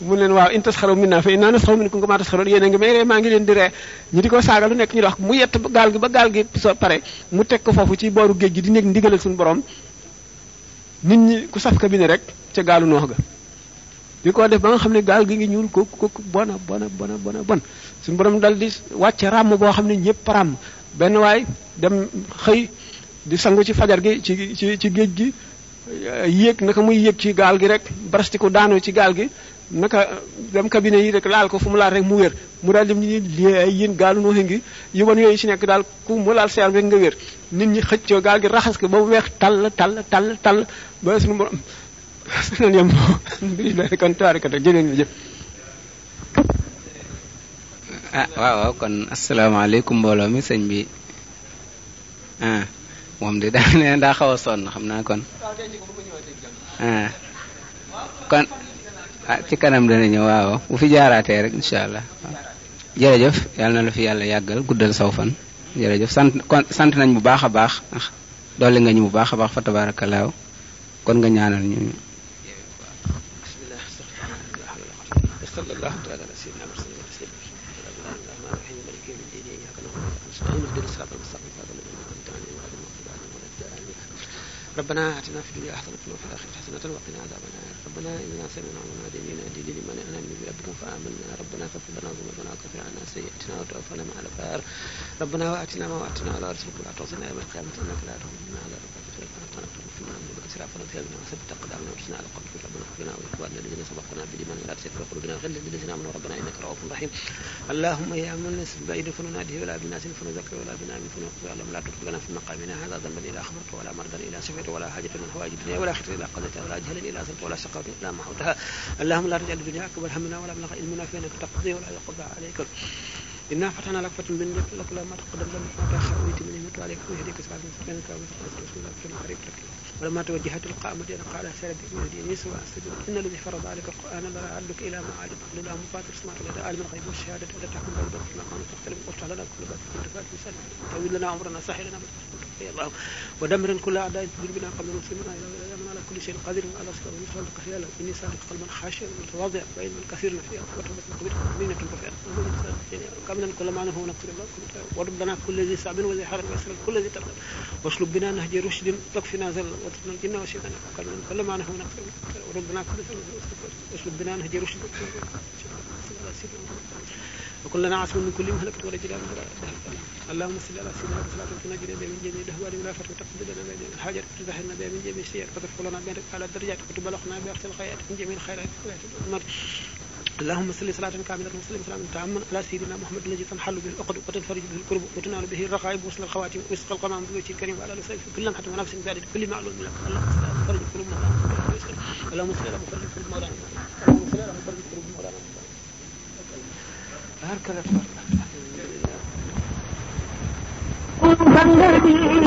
mu leen waaw in tasxaru minna fa inna nasxaru minkum kama tasxaruun yéen a ngi may ree maa ngi leen di ree ñu di ko saaga lu nekk ñu di wax mu yet gaal gi ba gaal gi so pare mu teg ko foofu ci booru géej gi di nekk ndigalal suñu borom nit ñi ku saf ka bi ne rek ca gaalu noox ga di ko def ba nga xam ne gaal gi ngi ñuul ko ko bona bona bona bona bon suñu borom dal di wàcce ràmm boo xam ne ñëpp ràmm benn waay dem xëy di sangu ci fajar gi ci ci ci géej gi yéeg naka muy yéeg ci gaal gi rek barastiku daanu ci gaal gi naka dem cabine yi rek laal ko fu mu laal rek mu wér mu daal lim ñu ay yéen gaalu nooxe ngi yu yooyu si daal ku mu laal seer rek nga wér nit ñi xëccoo gaal gi raxas ko ba mu weex tall tàll tàll tall ba suñu borom sunan yam mbiri la kon mbooloo mi sëñ bi ah, moom de daa a sonn xam naa kon ah kon ah, ci kanam dana ñëw waaw bu fi jaaraatee rek incha jërëjëf yàlla na la fi yàlla yàggal guddal saw fan jërëjëf sant sant nañ bu baax a baax ah, dolli nga ñu bu baax a baax fa tabaarakallaaw kon nga ñaanal ñu وصلى الله على سيدنا محمد وعلى اله وصحبه وسلم الرحمن الرحيم مالك يوم الدين اياك نعبد واياك نستعين اهدنا الصراط المستقيم صراط الذين انعمت عليهم غير المغضوب عليهم ولا الضالين ربنا اتنا في الدنيا حسنه وفي الاخره حسنه وقنا عذاب النار ربنا اننا سمعنا مناديا ينادي لمن امن بربكم فامنا ربنا فاغفر لنا ذنوبنا وكفر عنا سيئاتنا وتوفنا مع الابرار ربنا واتنا ما وعدتنا على رسلك ولا تعصنا يوم القيامه انك لا تخلف الميعاد ربنا عملنا إسرافا وثيابنا وثبت أقدامنا وانصرنا على القوم ربنا اغفر وإخواننا الذين سبقونا بالإيمان ولا تزغ قلوبنا غير الذين آمنوا ربنا إنك رؤوف رحيم اللهم يا من ليس بعيد فنناديه ولا بناس فنذكر ولا بنا من فنوقف اللهم لا تدخلنا في مقامنا هذا ذنبا إلى أخبرته ولا مرضا إلى سفرته ولا حاجة من حوائج الدنيا ولا حاجة إلى قضيتها ولا جهل إلى أسرته ولا سقط إلى محوتها اللهم لا تجعل الدنيا أكبر همنا ولا مبلغ علمنا فإنك تقضي ولا يقضى عليك إنا فتحنا لك فتح من لك لك لا ما تقدم لك ما تأخر ويتمنى عليك ويهديك سبحانه وتعالى ويسرك ويسرك ويسرك ويسرك ويسرك ولما توجهت القامة قال سردي مهديني سواء السجود إن الذي فرض عليك القرآن لا يعدك إلى معاد لولا مقاتل سمعت لدى عالم الغيب والشهادة ولا تحكم بين بلد ما كانوا تختلف وافتح لنا كل باب كنت فاتح سلم طويل لنا عمرنا سهل لنا الله ودمر كل أعداء تدل بنا قبل مسلمنا إلى كل شيء قدير على صغر مثل كثيرا إني سارق قلبا خاشعا متواضعا بعيدا كثيرا وتمت كبيرة مينة رفيعة يعني قبل كل معنى هو نكتب الله ورب لنا كل ذي صعب وذي حرج ويسر كل ذي طلب واسلب بنا نهج رشد تكفينا زل وتقنا الجن والشيطان قبل كل معنى هو نكتب ورب لنا كل ذي واسلب بنا نهج رشد وكلنا نعس من كل مهلكة ولا جلال ولا اللهم صل على سيدنا وسلم ونجنا بها من جميع الاهوال والافات وتقبل لنا بها جميع الحاجات وتزهرنا بها من جميع السيئات وترفع لنا بها على الدرجات وتبلغنا بها احسن الخيرات من جميع الخيرات اللهم صل صلاة كاملة وسلم سلاما تاما على سيدنا محمد الذي تنحل به العقد وتنفرج به الكرب وتنال به الرخائب وصل الخواتم ويسقى القمام بوجه الكريم وعلى اله وصحبه كل لمحة ونفس زادت كل معلوم لك اللهم صل على فرج قلوبنا اللهم صل على مفرج قلوب مولانا barkala